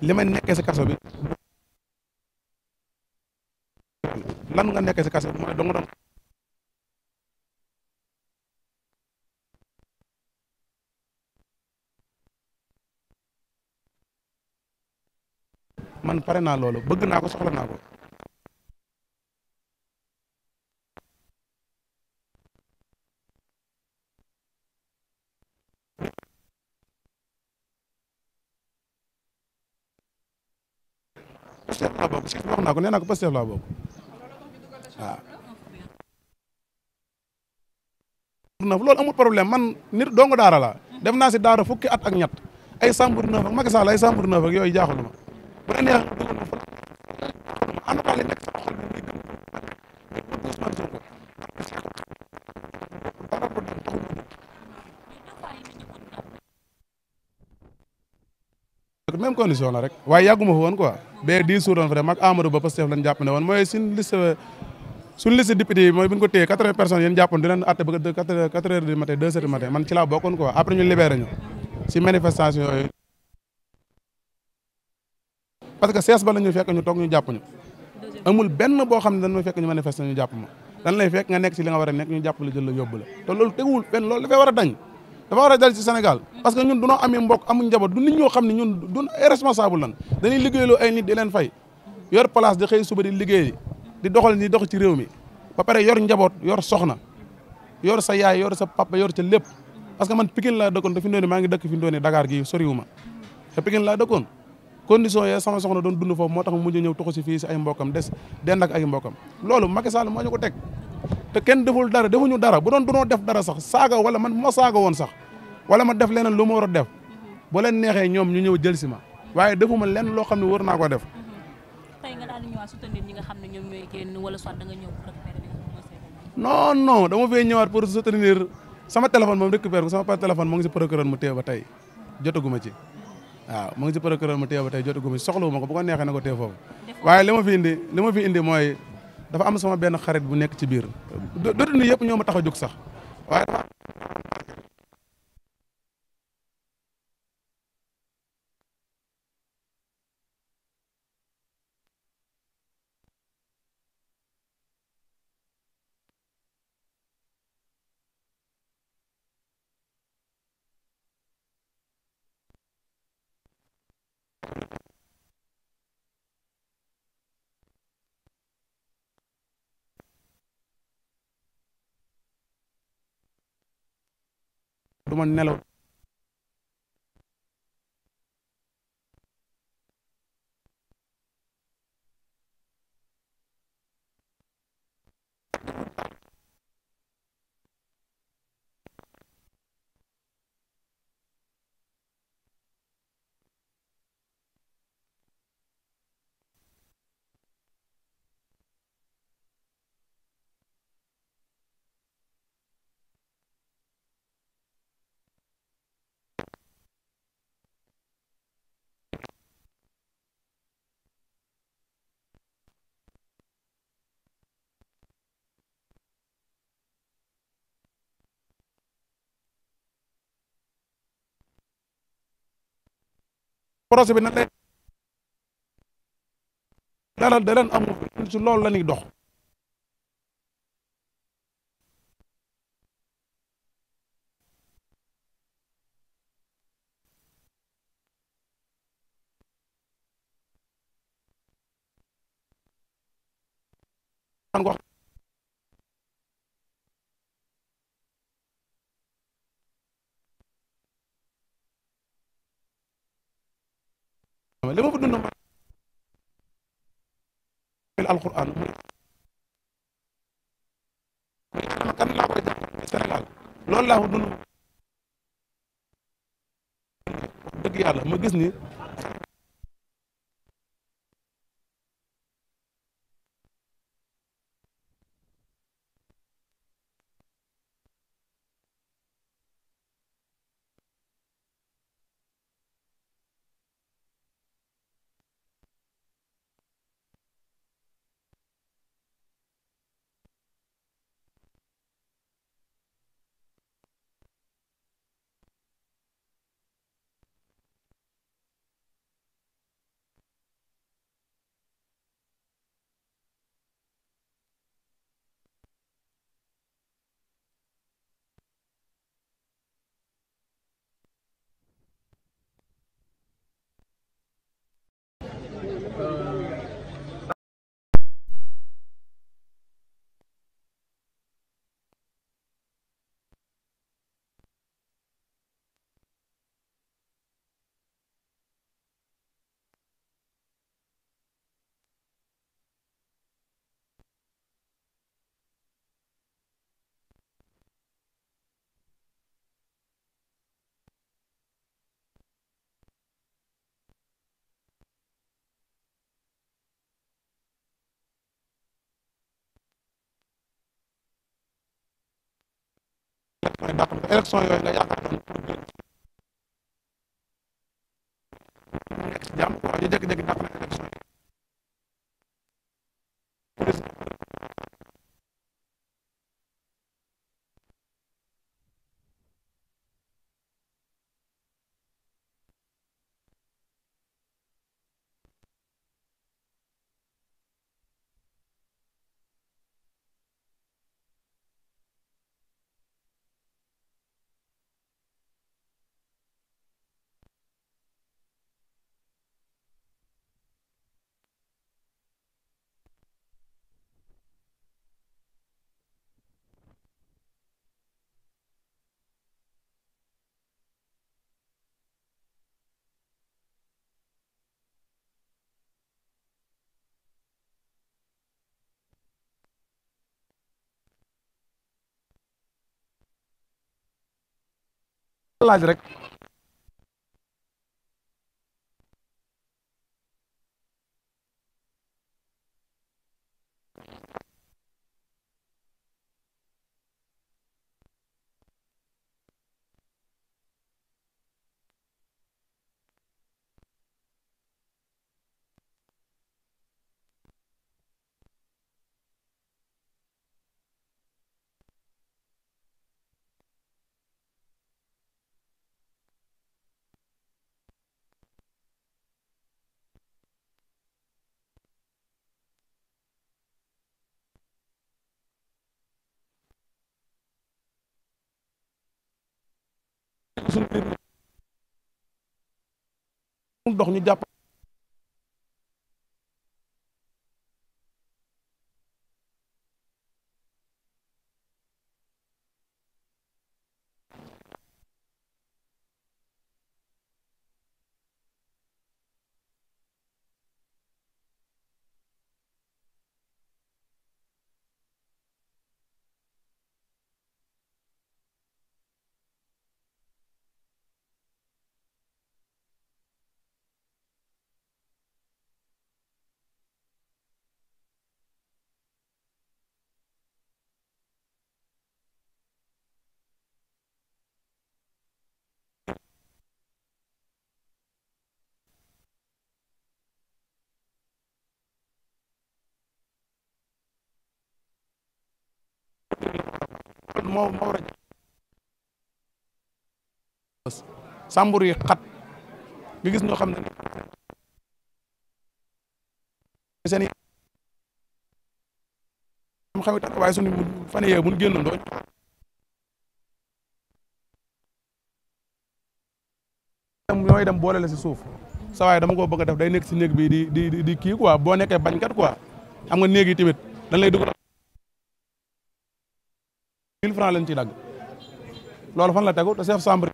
li may nekkee kaso bi lan nga nekkee si kaso bi mooy dong dong man pare naa loolu bëgg naa ko soxla naa ko naa ko nee naa ko Pastef laa bokk problème man nit dong daara la def naa si daara fukki at ak ñett ay Sambour neuf ak Macky Sall ay Sambour yooyu jaaxul ma Wade même condition la rek waaye yàgguma fa woon quoi bee dix jours doon fa dem ak Amadou Ba Pastef lañ jàpp ne woon mooy suñ liste suñ liste député yi mooy bu ñu ko téye quatre-vingts personnes yéen jàppoon dinañ atte ba man ci laa bokkoon quoi après ñu libéré ñu si manifestation yooyu que sees ba la fekk ñu toog ñu jàpp ñu amul benn boo xam ne dañ ma fekk ñu manifester ñu jàpp ma dañ lay fekk nga nekk ci li nga war a nekk ñu jàpp la jël la yóbbu la te loolu teguwul benn dañ dafa war a dal ci Sénégal parce que ñun dunoo amee mbokk amuñ njaboot du nit ñoo xam ne ñun du ay responsable lan dañuy liggéeyloo ay nit di leen fay yor place di xëy suba di liggéey di doxal ni dox ci réew mi ba pare yor njaboot yor soxna yor sa yaay yor sa pap yor ca lépp parce que man Pikine laa dëkkoon te fi maa ngi dëkk fi ndooni Dakar gii soriwu ma te Pikine laa dëkkoon condition yee sama soxna doon dund foofu moo tax mu mujj ñëw tuxu si fii si mbokkam des dend ak mbokkam loolu Macky Sall moo ñu ko teg te kenn deful dara defuñu dara bu doon dunoo def dara sax saaga wala man bu ma saaga woon sax wala ma def leneen lu ma war a def bu leen neexee ñoom ñu ñëw jël si ma waaye defuma lenn loo xam ne war naa ko def. tey nga xam ne ñoom ñooy génn wala soit da nga ñëw non non dama fay ñëwaat pour soutenir sama téléphone moom récupère ko sama par téléphone mu ngi si procureur mu téye ba tey jotaguma ci waaw mu ngi si procureur mu téye ba tey jotaguma ci soxlawuma ko bu ko neexee na ko téye foofu waaye li ma fi indi li fi indi mooy dafa am sama benn xarit bu nekk ci biir dootuñu yëpp ñoo ma tax a jóg sax man nelaw projet bi na lay dara dara amul ci loolu la ñuy dox an li ma fa dund ma alquran mu kan laa koy jàng Sénégal loolu laa fa yàlla ma gis ni mooy dàqal ko élection yooyu la yaakaar doon pour gën mu nekk si jàmm laaj rek suñu dox ñu jàpp moo moo war a yi xat nga gis noo xam ne seen am xawi tax waaye sunu fan yee bu ñu génn ndooñ ñooy dem boole le si suuf sa waaye dama ko bëgg a def day nekk si néeg bi di di di kii quoi boo nekkee bañkat quoi am nga néeg yi tamit dañ lay dugal 1000 francs lañ ciy dagg loolu fan la tegu te chef chambre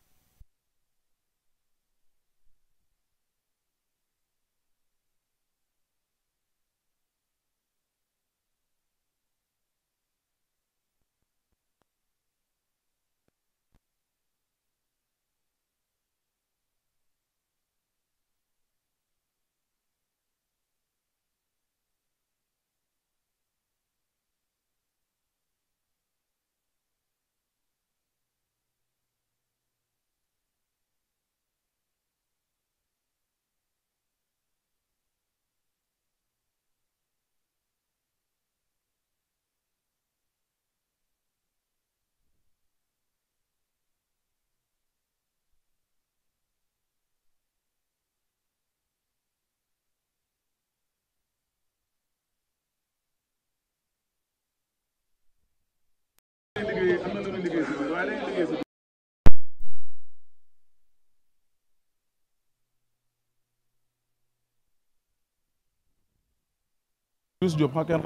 liggéey am na lu ñu liggéey si biir waaye dañuy liggéey si biir Youssou Diop xakkeen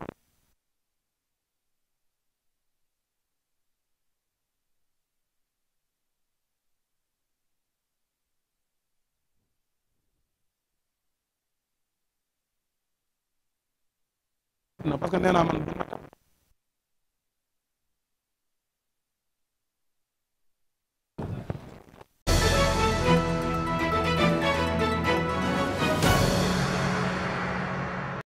parce que nee naa man